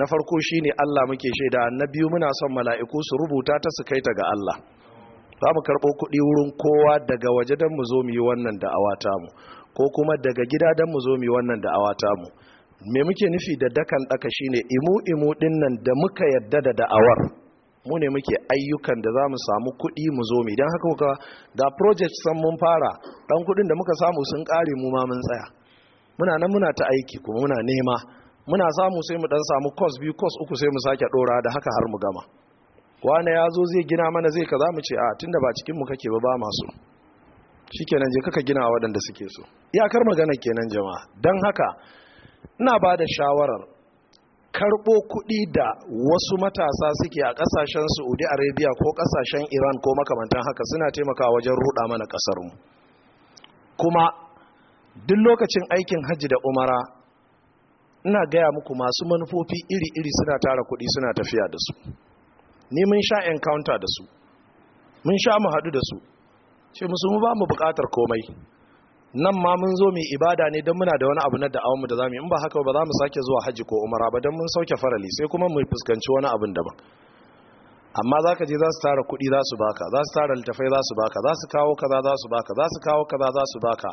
na farko shine Allah muke shaida na biyu muna son mala'iku su rubuta ta su kai ta ga Allah za mu karɓo kuɗi wurin kowa daga waje don mu zo mu yi wannan da'awa tamu ko kuma daga gida don mu zo mu yi wannan da'awa tamu me muke nufi da dakan ɗaka shine imu imu ɗin nan da muka yadda da da'awar mu ne muke ayyukan da za mu samu kuɗi mu zo mu idan haka kuka da project san mun fara ɗan kuɗin da muka samu sun ƙare mu ma mun tsaya muna nan muna ta aiki kuma muna nema muna samu sai mu ɗan samu course biyu course uku sai mu sake ɗora? da haka har mu gama wane ya zo zai gina mana zai kaza mu ce a tunda ba cikin mu kake ba ba masu shi kenan je kaka gina waɗanda suke so iyakar magana kenan jama'a don haka ina ba da shawarar karɓo kuɗi da wasu matasa suke a ƙasashen saudi arabia ko ƙasashen iran ko makamantan haka suna taimakawa wajen ruɗa mana ƙasarmu kuma duk lokacin aikin hajji da umara ina gaya muku masu manufofi iri-iri suna tara kuɗi suna tafiya da su ni mun sha encounter da su mun sha mu haɗu da su ce musu mu ba mu buƙatar komai nan ma mun zo mai ibada ne don muna da wani abu na da'awanmu da zamu yi in ba haka ba za mu sake zuwa hajji ko umara ba don mun sauke farali sai kuma mu fuskanci wani abin daban amma za ka je za su tara kuɗi za su baka za su tara littafai za su baka za su kawo kaza za su baka za su kawo kaza za su baka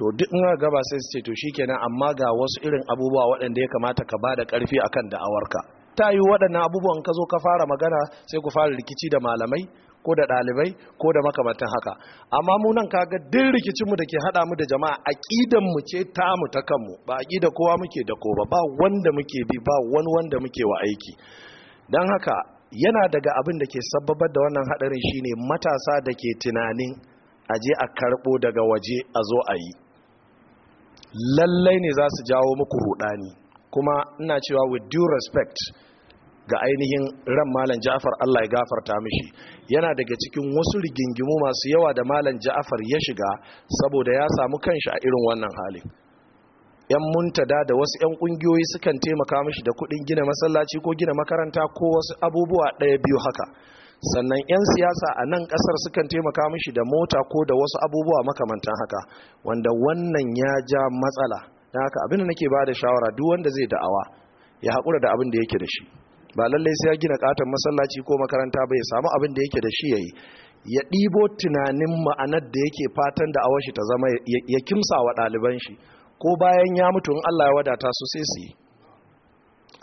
to duk in gaba sai su ce to shikenan amma ga wasu irin abubuwa waɗanda ya kamata ka ba da ƙarfi akan da'awarka ta yi waɗannan abubuwan ka zo ka fara magana sai ku fara rikici da malamai ko da ɗalibai ko da makamantan haka amma mu nan kaga duk rikicinmu da ke haɗa mu da jama'a aƙidan mu ce mu ta kanmu ba aƙida kowa muke da ko ba ba wanda muke bi ba wani wanda muke wa aiki don haka yana daga abin da ke sababar da wannan haɗarin shi ne matasa da ke tunanin a je a karɓo daga waje a zo a yi lallai ne za su jawo muku rudani kuma ina cewa with due respect ga ainihin ran malam ja'afar Allah ya gafarta mishi yana daga cikin wasu rigingimu masu yawa da malam ja'afar ya shiga saboda ya samu kanshi a irin wannan halin yan muntada da wasu yan kungiyoyi sukan taimaka mishi da kudin gina masallaci ko gina makaranta ko wasu abubuwa ɗaya biyu haka sannan 'yan siyasa a nan kasar sukan taimaka mishi da mota ko da wasu abubuwa makamantan haka wanda wannan ya ja matsala don haka abin da nake ba da shawara duk wanda zai da'awa ya haƙura da abin da yake da shi ba lallai sai ya gina katon masallaci ko makaranta ba ya samu abin da yake da shi yayi ya ɗibo tunanin ma'anar da yake fatan da awashi ta zama ya kimsa wa ɗaliban shi ko bayan ya mutu in Allah ya wadata su sai su yi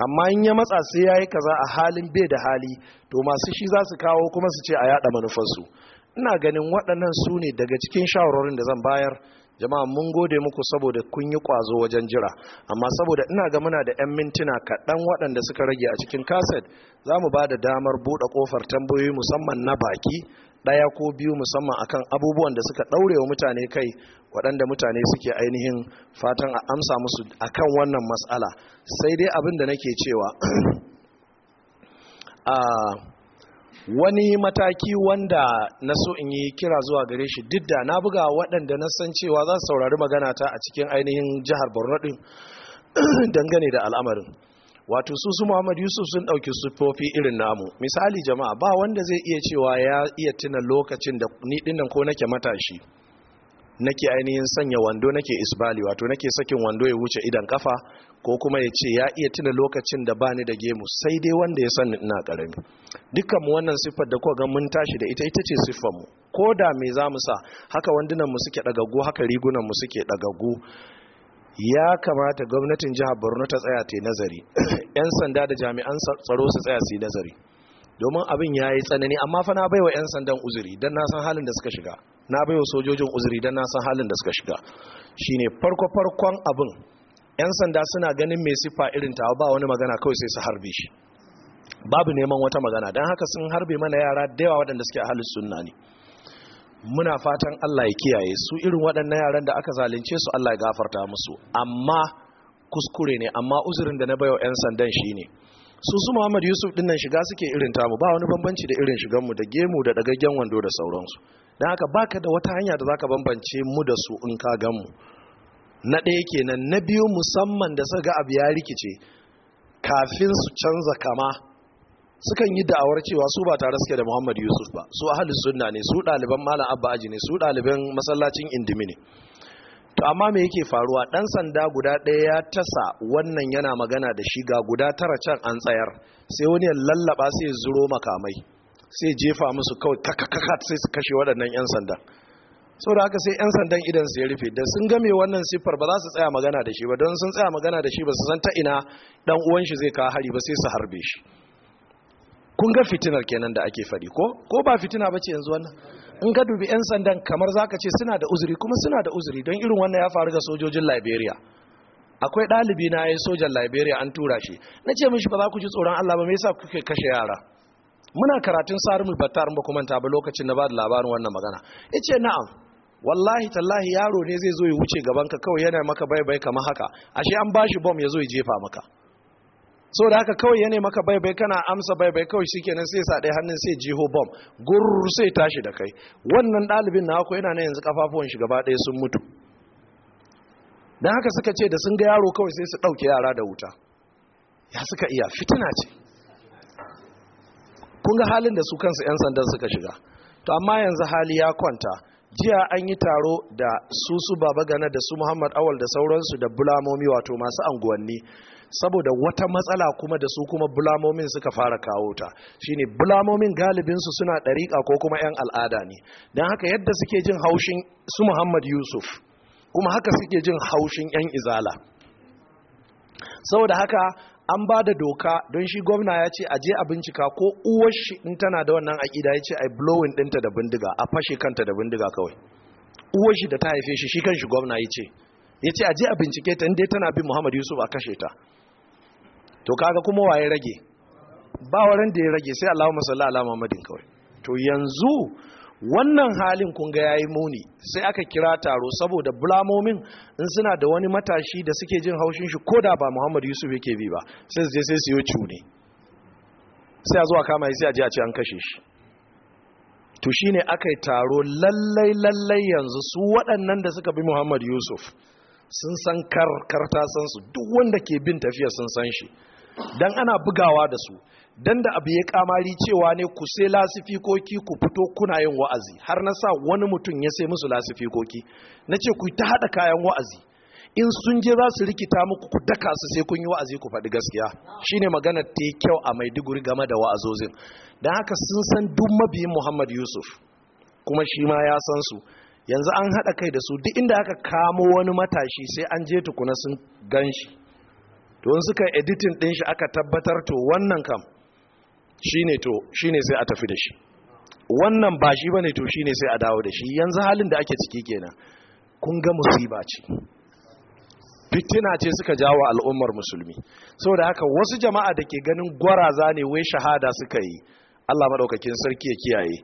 amma in ya matsa sai ya yi kaza a halin bai da hali to masu shi za su kawo kuma su ce a yaɗa manufarsu ina ganin waɗannan su ne daga cikin shawarorin da zan bayar jama'a mun gode muku saboda kun yi kwazo wajen jira amma saboda ina ga muna da 'yan mintuna kaɗan waɗanda suka rage a cikin kaset za mu ba da damar buɗe ƙofar tambayoyi musamman na baki ɗaya ko biyu musamman akan abubuwan da suka ɗaure wa mutane kai waɗanda mutane suke ainihin fatan a amsa musu akan wannan matsala sai dai abin da nake cewa ah, wani mataki wanda na so in yi kira zuwa gare shi duk da na buga waɗanda na san cewa za su saurari magana ta a cikin ainihin jihar borno ɗin dangane da al'amarin wato su su muhammad yusuf sun ɗauki sufofi irin namu misali jama'a ba wanda zai iya cewa ya iya tuna lokacin da ni ɗinnan ko nake matashi nake ainihin sanya wando nake isbali wato nake sakin wando ya wuce idan kafa ko kuma ya ce ya iya tuna lokacin da bani da gemu sai dai wanda ya sani ina karami dukkan mu wannan siffar da kuka mun tashi da ita ita ce siffar mu ko da me za mu sa haka wandunan mu suke dagaggu haka rigunan mu suke dagaggu ya kamata gwamnatin jihar Borno ta tsaya ta nazari yan sanda da jami'an tsaro su tsaya su yi nazari domin abin ya yi tsanani amma fa na bai wa 'yan sandan uzuri don na san halin da suka shiga na bai wa sojojin uzuri don na san halin da suka shiga Shi ne farko-farkon abin 'yan sanda suna ganin mai siffa irin tawa ba wani magana kawai sai su harbe shi babu neman wata magana don haka sun harbe mana yara da yawa waɗanda suke halin sunna ne muna fatan allah ya kiyaye su irin waɗannan yaran da aka zalunce su allah ya gafarta musu amma kuskure ne amma uzurin da na baiwa 'yan sandan shi ne su su Muhammad Yusuf din nan shiga suke irin tamu ba wani bambanci da irin shigan mu da gemu da dagaggen wando da sauransu dan haka baka da wata hanya da za ka bambance mu da su in ka gan mu na ɗaya kenan na biyu musamman da suka ga abu ya rikice kafin su canza kama sukan yi da'awar cewa su ba tare suke da Muhammad Yusuf ba su ahli sunna ne su ɗaliban Malam Abba Aji ne su ɗaliban masallacin Indimi ne to amma me yake faruwa dan sanda guda ɗaya ya tasa wannan yana magana da shi ga guda tara can an tsayar sai wani ya lallaba sai zuro makamai sai jefa musu kawai kakakaka sai su kashe waɗannan 'yan sanda. sau da haka sai 'yan sandan idan su ya rufe da sun game wannan siffar ba za su tsaya magana da shi ba don sun tsaya magana da shi ba su san ta ina dan uwan shi zai kawo hari ba sai su harbe shi kun ga fitinar kenan da ake faɗi ko ko ba fitina ba ce yanzu wannan in ka dubi 'yan sandan kamar za ka ce suna da uzuri kuma suna da uzuri don irin wannan ya faru ga sojojin liberia akwai ɗalibi na ya yi sojan liberia an tura shi na ce mishi ba za ku ji tsoron allah ba me yasa kuke kashe yara muna karatun sarumul battar ba kuma ta ba lokacin na ba da labarin wannan magana ya ce na'am wallahi tallahi yaro ne zai zo ya wuce gaban ka kawai yana maka bai bai kamar haka ashe an bashi bom ya zo ya jefa maka so da haka kawai ya maka baibai kana amsa baibai kawai suke sai sa ɗaya hannun sai jiho bom gurur sai tashi da kai wannan ɗalibin na ko yana na yanzu kafafuwan shi gaba ɗaya sun mutu don haka suka ce da sun ga yaro kawai sai su ɗauke yara da wuta ya suka iya fitina ce kun ga halin da su kansu 'yan sandan suka shiga to amma yanzu hali ya kwanta jiya an yi taro da su su baba Gana da su muhammad awal da sauransu da bulamomi wato masu anguwanni saboda wata matsala kuma da su kuma bulamomin suka fara kawo ta shine bulamomin galibinsu suna ɗariƙa ko kuma 'yan al'ada ne don haka yadda suke jin haushin su muhammad yusuf kuma haka suke jin haushin 'yan izala saboda haka an ba da doka don shi gwamna ya ce aje a bincika ko uwar shi in tana da wannan aƙida ya ce a blowing ɗinta da bindiga a fashe kanta da bindiga kawai uwar shi da ta haife shi shi kan shi gwamna ya ce ya ce aje a bincike ta inda tana bin muhammad yusuf a kashe ta to kaga kuma waye rage ba waren da ya rage sai Allahu masalla ala Muhammadin kawai to yanzu wannan halin kun ga yayi muni sai aka kira taro saboda bulamomin in suna da wani matashi da suke jin haushin shi koda ba Muhammad Yusuf yake bi ba sai su je sai su yi cuni sai a zuwa kama sai a je a ce an kashe shi to shine aka yi taro lallai lallai yanzu su waɗannan da suka bi Muhammad Yusuf sun san kar ta san su duk wanda ke bin tafiya sun san shi dan ana bugawa da su dan da abu ya kamari cewa ne ku sai lasifikoki ku fito kuna yin wa'azi har na sa wani mutum ya sai musu lasifikoki na ce ku ta haɗa kayan wa'azi in sun je za su rikita muku ku daka su sai kun yi wa'azi ku faɗi gaskiya shine magana ta yi kyau a mai maiduguri game da wa'azozin dan haka sun san duk mabiyin muhammad yusuf kuma shi ma ya san su yanzu an haɗa kai da su duk inda aka kamo wani matashi sai an je tukuna sun gan shi to in suka editin din shi aka tabbatar to wannan kam shine to shine sai a tafi da shi wannan ba shi bane to shine sai a dawo da shi yanzu halin da ake ciki kenan kun ga musiba ce fitina ce suka jawo al'ummar musulmi saboda haka wasu jama'a da ke ganin gwaraza ne wai shahada suka yi Allah madaukakin sarki ya kiyaye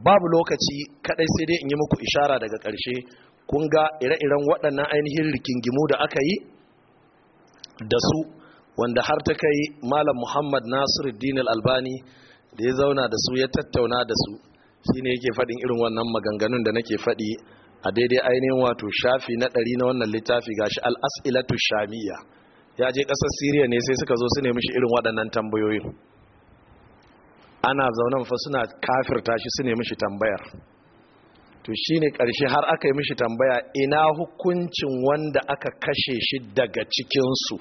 babu lokaci kadai sai dai in yi muku ishara daga ƙarshe kun ga ire-iren waɗannan ainihin rikingimu da aka yi da su wanda har ta kai malam muhammad nasiruddin albani da ya zauna da su ya tattauna da su shi ne yake faɗin irin wannan maganganun da nake faɗi a daidai ainihin wato shafi na ɗari na wannan littafi gashi al'asilatu shamiya ya je ƙasar siriya ne sai suka zo su nemi shi irin waɗannan tambayoyin ana zaunan fa suna kafirta shi su nemi shi tambayar to shine ƙarshe har aka yi mishi tambaya ina hukuncin wanda aka kashe shi daga cikinsu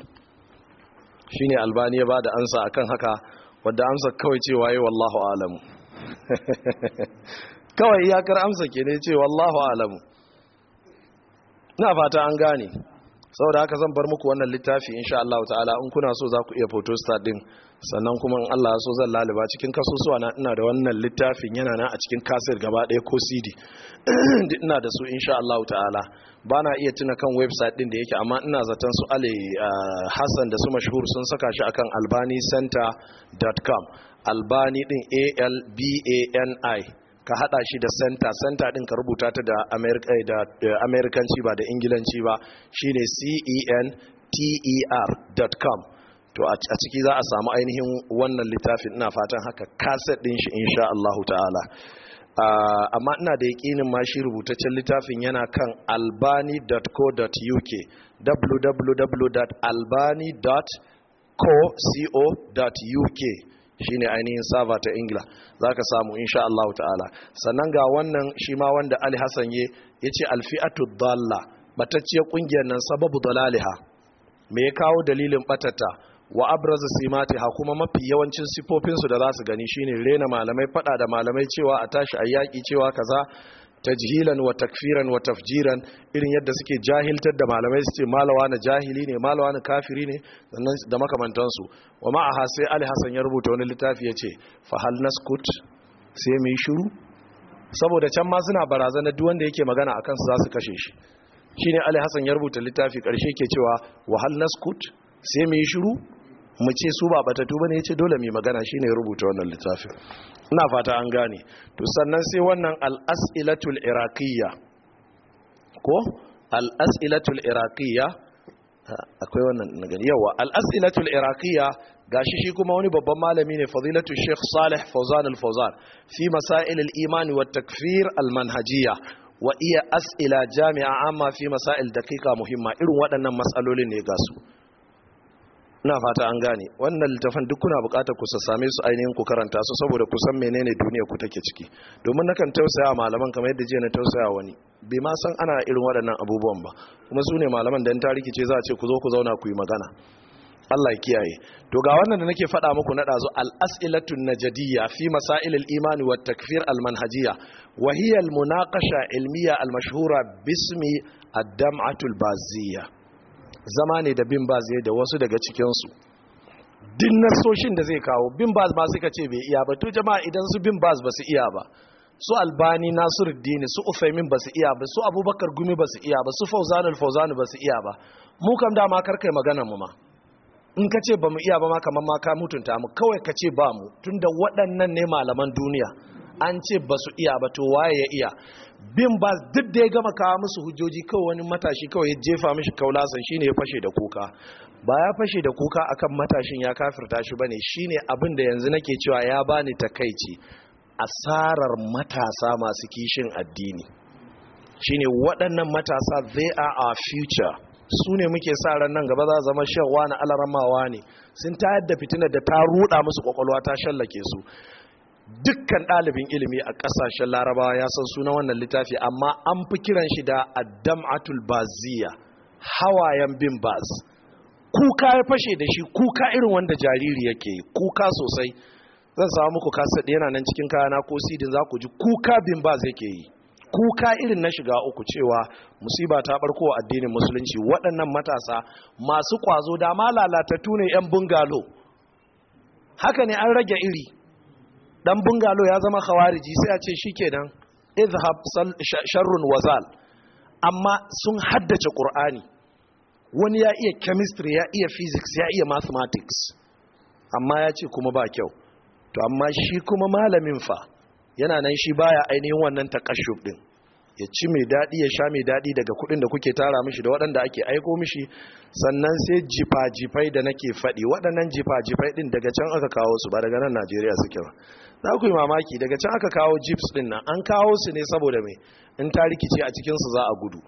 shine albani ya ba da ansa akan haka wadda amsa kawai cewa yi wallahu alamu kawai iyakar amsa ke ne ce wallahu alamu na fata an gane saboda haka zan bar muku wannan littafi insha Allah ta'ala in kuna so za ku iya photostat din sannan kuma in Allah so zan laliba cikin kasusuwa na ina da wannan littafin yana na a cikin kasir gaba ɗaya ko CD ina da su insha Allah ta'ala ba na iya tuna kan website din da yake amma ina zaton su Ali ah, Hassan da su mashhur sun saka shi akan albanicenter.com albani ɗin A L B A N I ka hada shi da center center din ka rubuta ta da americanci eh, eh, ba da ingilanci ba shine C E N T E R.com to a ciki za a samu ainihin wannan littafin ina fatan haka kaset din shi insha Allah ta'ala amma ina da yakinin ma shi rubutaccen littafin yana kan albani.co.uk www.albani.co.uk ne ainihin sava ta ingila za ka samu insha Allah ta'ala sannan ga wannan shi ma wanda ali hassan ye ya ce alfi'atu dalla batacciyar kungiyar nan sababu dalaliha me ya kawo dalilin batata wa abraza simatiha kuma mafi yawancin sifofinsu da za su gani shine rena malamai fada da malamai cewa a tashi a yaƙi cewa kaza tajhilan wa takfiran wa tafjiran irin yadda suke jahiltar da malamai su ce malawa na jahili ne malawa na kafiri ne sannan da makamantansu wa Aha sai ali hasan ya rubuta wani littafi ya ce fa hal naskut sai mu yi shiru saboda can ma suna barazana duk wanda yake magana akan su za su kashe shi shine ali hasan ya rubuta littafi karshe ke cewa wa hal naskut sai mu yi shiru mu ce su ba batatu bane yace dole mu magana shine ya rubuta wannan littafin ina fata an gane to sannan sai wannan al-as'ilatul iraqiyya ko al-as'ilatul iraqiyya akwai wannan na gani yawa al-as'ilatul iraqiyya gashi shi kuma wani babban malami ne fadilatu Sheikh Salih Fawzan al-Fawzan fi masail al-iman wa takfir al-manhajiyya wa iya as'ila jami'a amma fi masail daqiqa muhimma irin waɗannan matsalolin ne ga su na fata an gane wannan littafin duk kuna bukatar ku sassame su ainihin ku karanta su saboda ku san menene duniya ku take ciki domin nakan tausaya malaman kamar yadda jiya na tausaya wani bai ma san ana irin waɗannan abubuwan ba kuma su ne malaman da ta ce za a ce ku zo ku zauna ku yi magana Allah ya kiyaye to ga wannan da nake faɗa muku na ɗazu al-as'ilatun najadiyya fi masail al-iman wa takfir al-manhajiyya wa hiya al-munaqasha ilmiya al-mashhura bismi ad-dam'atul baziyya zama ne da bin yai da wasu daga cikinsu din nasoshin da zai kawo bin baz ba suka ce bai iya ba to jama'a idan su bin baz ba su iya ba su albani nasiruddin su ufaimin ba su iya ba su abubakar gumi ba su iya ba su fauzan alfauzan ba su iya ba mu kam dama karkai magana mu ma in ka ce ba mu iya ba ma kamar ma ka mutunta mu kawai ka ce ba mu tunda waɗannan ne malaman duniya an ce ba su iya ba to waye ya iya bin ba duk da ya gama kawo musu hujjoji kawai wani matashi kawai ya jefa mishi kaulasan ne ya fashe da kuka ba ya fashe da kuka akan matashin ya kafirta shi ba ne, shine abin da yanzu nake cewa ya bani takaici asarar matasa masu kishin addini Shi ne waɗannan matasa they are our future su ne muke sa ran nan gaba za zama shewa na alaramawa ne sun tayar da fitina da ta ruda musu kwakwalwa ta shallake su dukkan ɗalibin ilimi a ƙasashen larabawa ya san suna wannan littafi amma an fi kiran shi da Adam addam'atul baziya hawayen bin baz kuka ya fashe da shi kuka irin wanda jariri yake kuka sosai zan samu muku kaset yana nan cikin kayana ko sidin za ku ji kuka bin baz yake yi kuka irin na shiga uku cewa musiba ta barko addinin musulunci waɗannan matasa masu kwazo da ma lalatattu ne 'yan bungalo haka ne an rage iri dan bungalo ya zama khawariji sai a ce shikenan izhab sharrun wazal amma sun haddace qur'ani wani ya iya chemistry ya iya physics ya iya mathematics amma ya ce kuma ba kyau to amma shi kuma malamin fa yana nan shi baya ainihin wannan kashub din ya ci mai daɗi ya sha mai daɗi daga kuɗin da kuke tara mishi da waɗanda ake aiko mishi sannan sai jifa-jifai da nake faɗi waɗannan jifa-jifai ɗin daga can aka kawo su ba daga nan najeriya suke ba za ku yi mamaki daga can aka kawo jips din nan an kawo su ne saboda mai in ta rikice a cikinsu za a gudu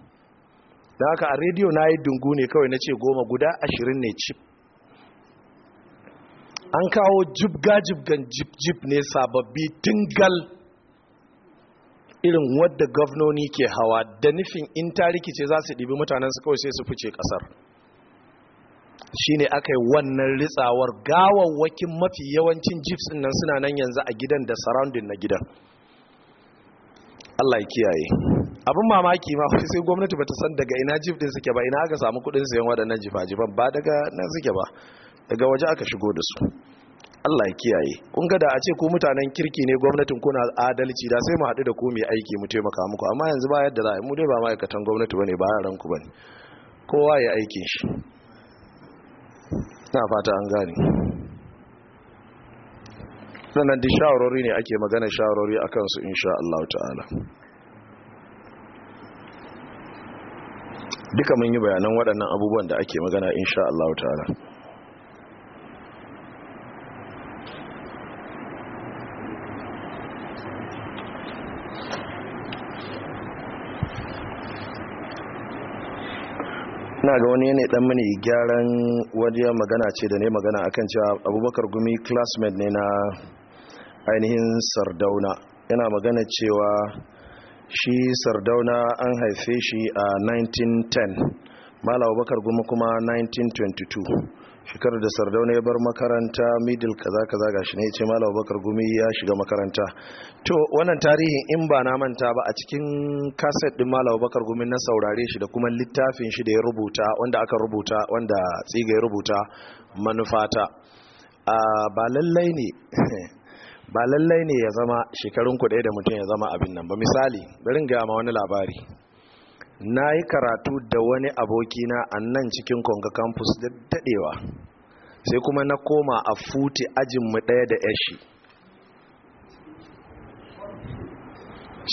Da haka a rediyo na yi dungu ne kawai na ce goma guda ashirin ne cip an kawo jibga-jibgan jip jip ne sababbi tingal irin wadda gwamnoni ke hawa da nufin in ta rikice za su ɗibi mutanen su kawai sai su fice ƙasar shine aka yi wannan ritsawar gawawwakin mafi yawancin jeeps nan suna nan yanzu a gidan da surrounding na gidan Allah ya kiyaye abin mamaki ma sai gwamnati bata san daga ina jif din suke ba ina aka samu kudin sayan waɗannan jifa-jifan ba daga nan suke ba daga waje aka shigo da su Allah ya kiyaye kun da a ce ku mutanen kirki ne gwamnatin kuna adalci da sai mu haɗu da ku mai aiki mu taimaka muku amma yanzu ba yadda za mu dai ba ma'aikatan gwamnati bane ba yaran ba bane kowa ya aikin shi na fata an gani. sannan da shawarori ne ake magana shawarori a kansu insha Allah ta'ala duka mun yi bayanan waɗannan abubuwan da ake magana insha Allah ta'ala ina ga wani yanayi dan mani gyaran wajen magana ce da ne magana akan cewa abubakar gumi classmate ne na ainihin sardauna yana magana cewa shi sardauna an haife shi a 1910 mala abubakar gumi kuma 1922 shekarar da sardauna ya bar makaranta middle kaza kaza gashi ne ya ce malam bakar gumi ya shiga makaranta to wannan tarihin in ba na manta ba a cikin kaset din malam bakar gumi na saurare shi da kuma littafin shi da ya rubuta wanda aka rubuta wanda tsiga ya rubuta manufata ba lallai ne ba lallai ne ya zama shekarun ku da mutum ya zama abin nan ba misali bari ga ma wani labari na yi karatu da wani abokina a nan cikin konga campus da dadewa sai kuma na koma a futi ajinmu ɗaya da yashi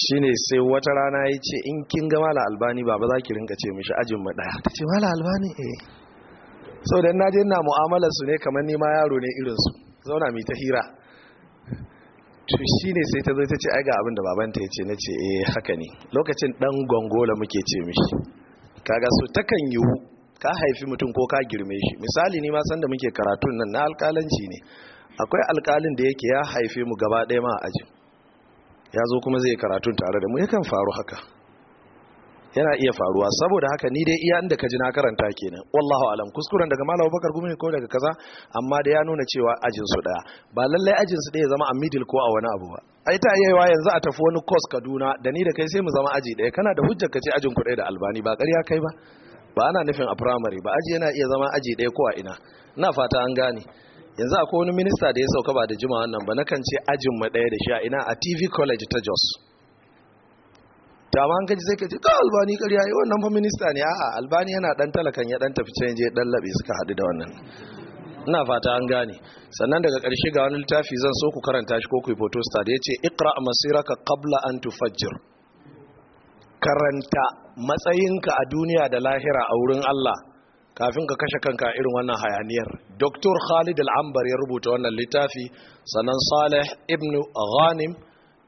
shi ne sai wata rana ya ce in kin ga mala albani ba ba za ki rinka ce mishi ajinmu ɗaya ta ce mala albani eh sau da na je mu'amala su ne kamar nima yaro ne irinsu zauna mai ta hira to shi ne sai ta zo ta ce ai ga abin da babanta ya ce na ce eh haka ne lokacin dan gongola muke ce mishi kaga so takan yiwu ka haifi mutum ko ka girme shi misali ni ma san da muke karatu nan na alkalanci ne akwai alkalin da yake ya haife mu gaba ɗaya ma ajin ya zo kuma zai karatu tare da mu yakan faru haka yana iya faruwa saboda haka ni dai iya inda ka ji na karanta kenan wallahu alam kuskuren daga malam bakar gumi ko daga kaza amma da ya nuna cewa ajin su daya ba lallai ajin su daya zama a middle ko a wani abu ba ai ta yayawa yanzu a tafi wani course Kaduna da ni da kai sai mu zama aji daya kana da hujjar ka ce ajin ku da albani ba ƙarya kai ba ba ana nufin a primary ba aji yana iya zama aji daya ko a ina na fata an gane yanzu akwai wani minista da ya sauka ba da jima nan, ba nakan ce ajin mu daya da sha ina a TV college ta Jos to amma an kaji sai ka ce albani ƙarya yi wannan fa minista ne a'a albani yana dan talakan ya dan tafi canje dan labe suka haɗu da wannan ina fata an gane sannan daga ƙarshe ga wani littafi zan so ku karanta shi ko ku yi photo star ya ce iqra masiraka qabla an tufajjir karanta matsayinka a duniya da lahira a wurin Allah kafin ka kashe kanka irin wannan hayaniyar Dr. Khalid Al-Ambar ya rubuta wannan littafi sannan Saleh ibn Ghanim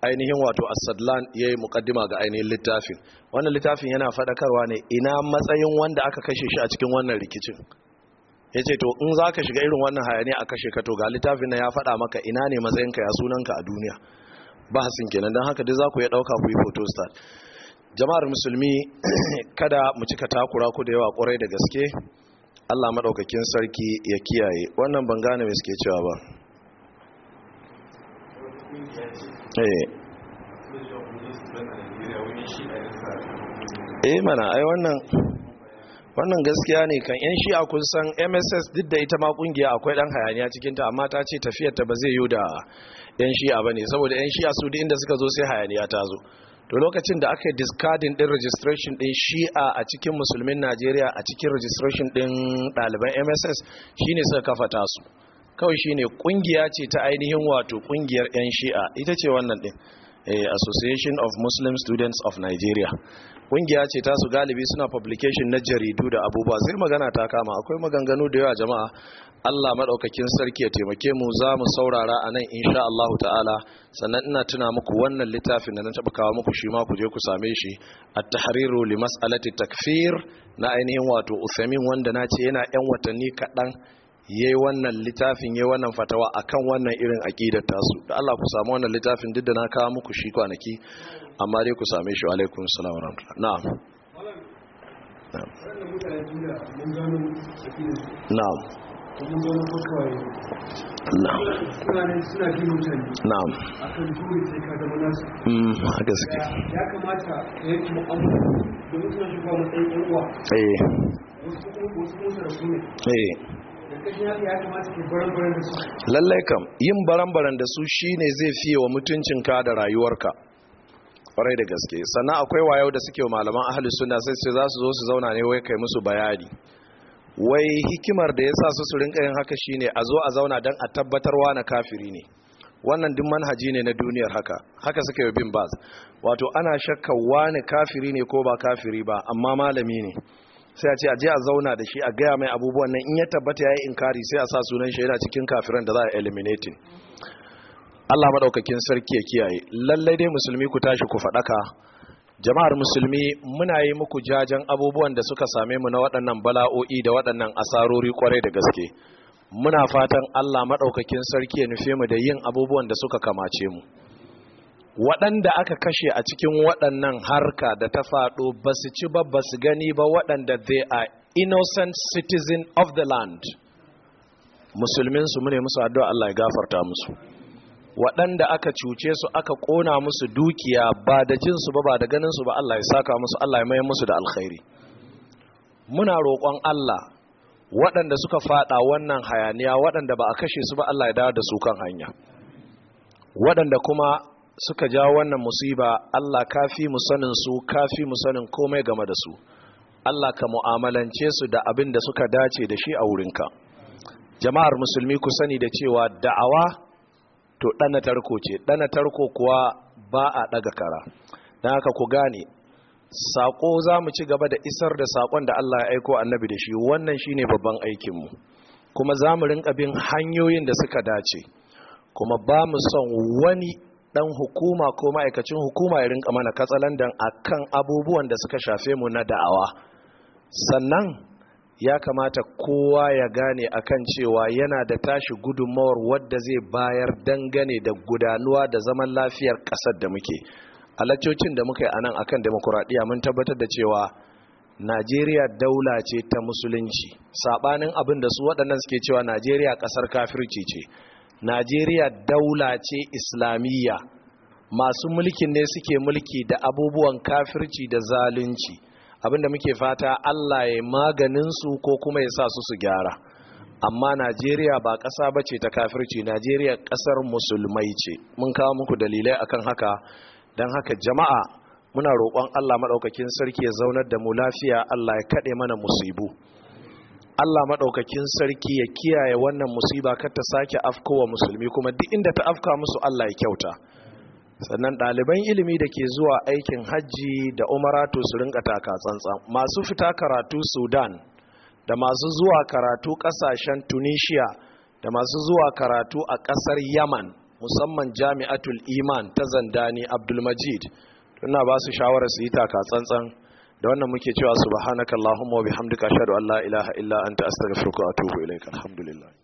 ainihin wato asadlan ya yi mukaddima ga ainihin littafin wannan littafin yana faɗakarwa ne ina matsayin wanda aka kashe shi a cikin wannan rikicin ya ce to in za ka shiga irin wannan hayani a kashe ka to ga littafin na ya faɗa maka ina ne matsayin ka ya sunan ka a duniya ba sinke kenan don haka duk za ku ya ɗauka ku yi photostat jama'ar musulmi kada mu cika takura ku da yawa ƙwarai da gaske allah maɗaukakin sarki ya kiyaye wannan ban gane mai suke cewa ba eh. eh mana ai wannan wannan gaskiya ne kan yan shi'a kun san mss duk da ita ma kungiya akwai dan hayaniya cikin ta amma ta ce tafiyar ta ba zai yi da yan shi'a bane saboda yan shi'a su duk inda suka zo sai hayaniya ta zo to lokacin da aka discarding din registration din shi'a a cikin musulmin najeriya a cikin registration din ɗaliban mss shine suka kafa tasu kawai shine kungiya ce ta ainihin wato kungiyar yan shi'a ita ce wannan din eh, association of muslim students of nigeria kungiya ce ta su galibi suna publication na jaridu da abubuwa sai magana ta kama akwai maganganu da yawa jama'a Allah madaukakin sarki ya taimake mu za mu saurara a nan insha Allah ta'ala sannan ina tuna muku wannan littafin da na taba kawo muku shi ma ku je ku same shi at-tahriru li mas'alati takfir na ainihin wato Usaimin wanda na ce yana yan watanni kaɗan yayi wannan littafin yayi wannan fatawa akan wannan irin aqidar tasu da Allah ku samu wannan littafin duk da na kawo muku shi kwanaki amma dai ku same shi alaikun salam wa na'am na'am na'am hmm, haka suke ya kamata ya yi da mutum shi kuma da su ne lallai kam yin baran-baran da su shine zai fiye wa mutuncinka da rayuwarka kwarai da gaske sannan akwai wayau da suke malaman ahli sunna sai sai za su zo su zauna ne wai kai musu bayani wai hikimar da yasa su su rinka yin haka shine a zo a zauna dan a tabbatar wa na kafiri ne wannan duk manhaji ne na duniyar haka haka suke yi bin bas wato ana shakka wani kafiri ne ko ba kafiri ba amma malami ne sai a ce a je a zauna da shi a gaya mai abubuwan nan in ya tabbata ya yi inkari sai a sa sunan shi yana cikin kafiran da za a eliminating Allah maɗaukakin sarki ya kiyaye lallai dai musulmi ku tashi ku faɗaka jama'ar musulmi muna yi muku jajen abubuwan da suka same mu na waɗannan bala'o'i da waɗannan asarori kwarai da gaske muna fatan Allah maɗaukakin sarki ya nufe mu da yin abubuwan da suka kamace mu waɗanda aka kashe a cikin waɗannan harka da ta faɗo ba su ci ba ba su gani ba waɗanda they are innocent citizen of the land musulmin su ne musu addu'a Allah ya gafarta musu waɗanda aka cuce su aka ƙona musu dukiya ba da jinsu ba ba da ganinsu ba Allah ya saka musu Allah ya mayar musu da alkhairi muna roƙon Allah waɗanda suka faɗa wannan hayaniya waɗanda ba a kashe su ba Allah ya dawo da su kan hanya waɗanda kuma suka jawo wannan musiba Allah kafi mu sanin su kafi mu sanin komai game da su Allah ka mu'amalance su da abin da suka dace da shi a wurinka jama'ar musulmi ku sani da cewa da'awa to ɗana tarko ce ɗana tarko kuwa ba a ɗaga kara don haka ku gane saƙo za mu ci gaba da isar da saƙon da Allah ya aiko annabi da shi wannan shi ne babban aikinmu kuma za mu rinka bin hanyoyin da suka dace kuma ba mu son wani ɗan hukuma ko ma'aikacin hukuma ya rinka mana katsalandan a kan abubuwan da suka shafe mu na da'awa sannan ya kamata kowa ya gane akan cewa yana da tashi gudunmawar wadda zai bayar dangane da gudanuwa da zaman lafiyar ƙasar da muke alacocin da muka yi a nan akan demokuraɗiyya mun tabbatar da cewa najeriya daula ce ta musulunci saɓanin abin da su waɗannan suke cewa najeriya ƙasar kafirci ce najeriya daula ce islamiyya masu mulkin ne suke mulki da abubuwan kafirci da zalunci abinda muke fata Allah ya maganin su ko kuma ya sa su su gyara amma Najeriya ba ƙasa ba ce ta kafirci Najeriya ƙasar musulmai ce mun kawo muku dalilai akan haka don haka jama'a muna roƙon Allah maɗaukakin sarki ya zaunar da mu lafiya Allah ya kaɗe mana musibu Allah maɗaukakin sarki ya kiyaye wannan musiba kar ta sake afkowa musulmi kuma duk inda ta afka musu Allah ya kyauta sannan ɗaliban ilimi da ke zuwa aikin hajji da umaratu su rinka taka tsantsan masu fita karatu sudan da masu zuwa karatu ƙasashen tunisia da masu zuwa karatu a ƙasar yaman musamman jami'atul iman ta zandani abdulmajid tunna ba su shawarar su yi taka tsantsan da wannan muke cewa subhanakallahumma wa bihamdika ashhadu an la ilaha illa anta astaghfiruka wa atubu ilaik alhamdulillah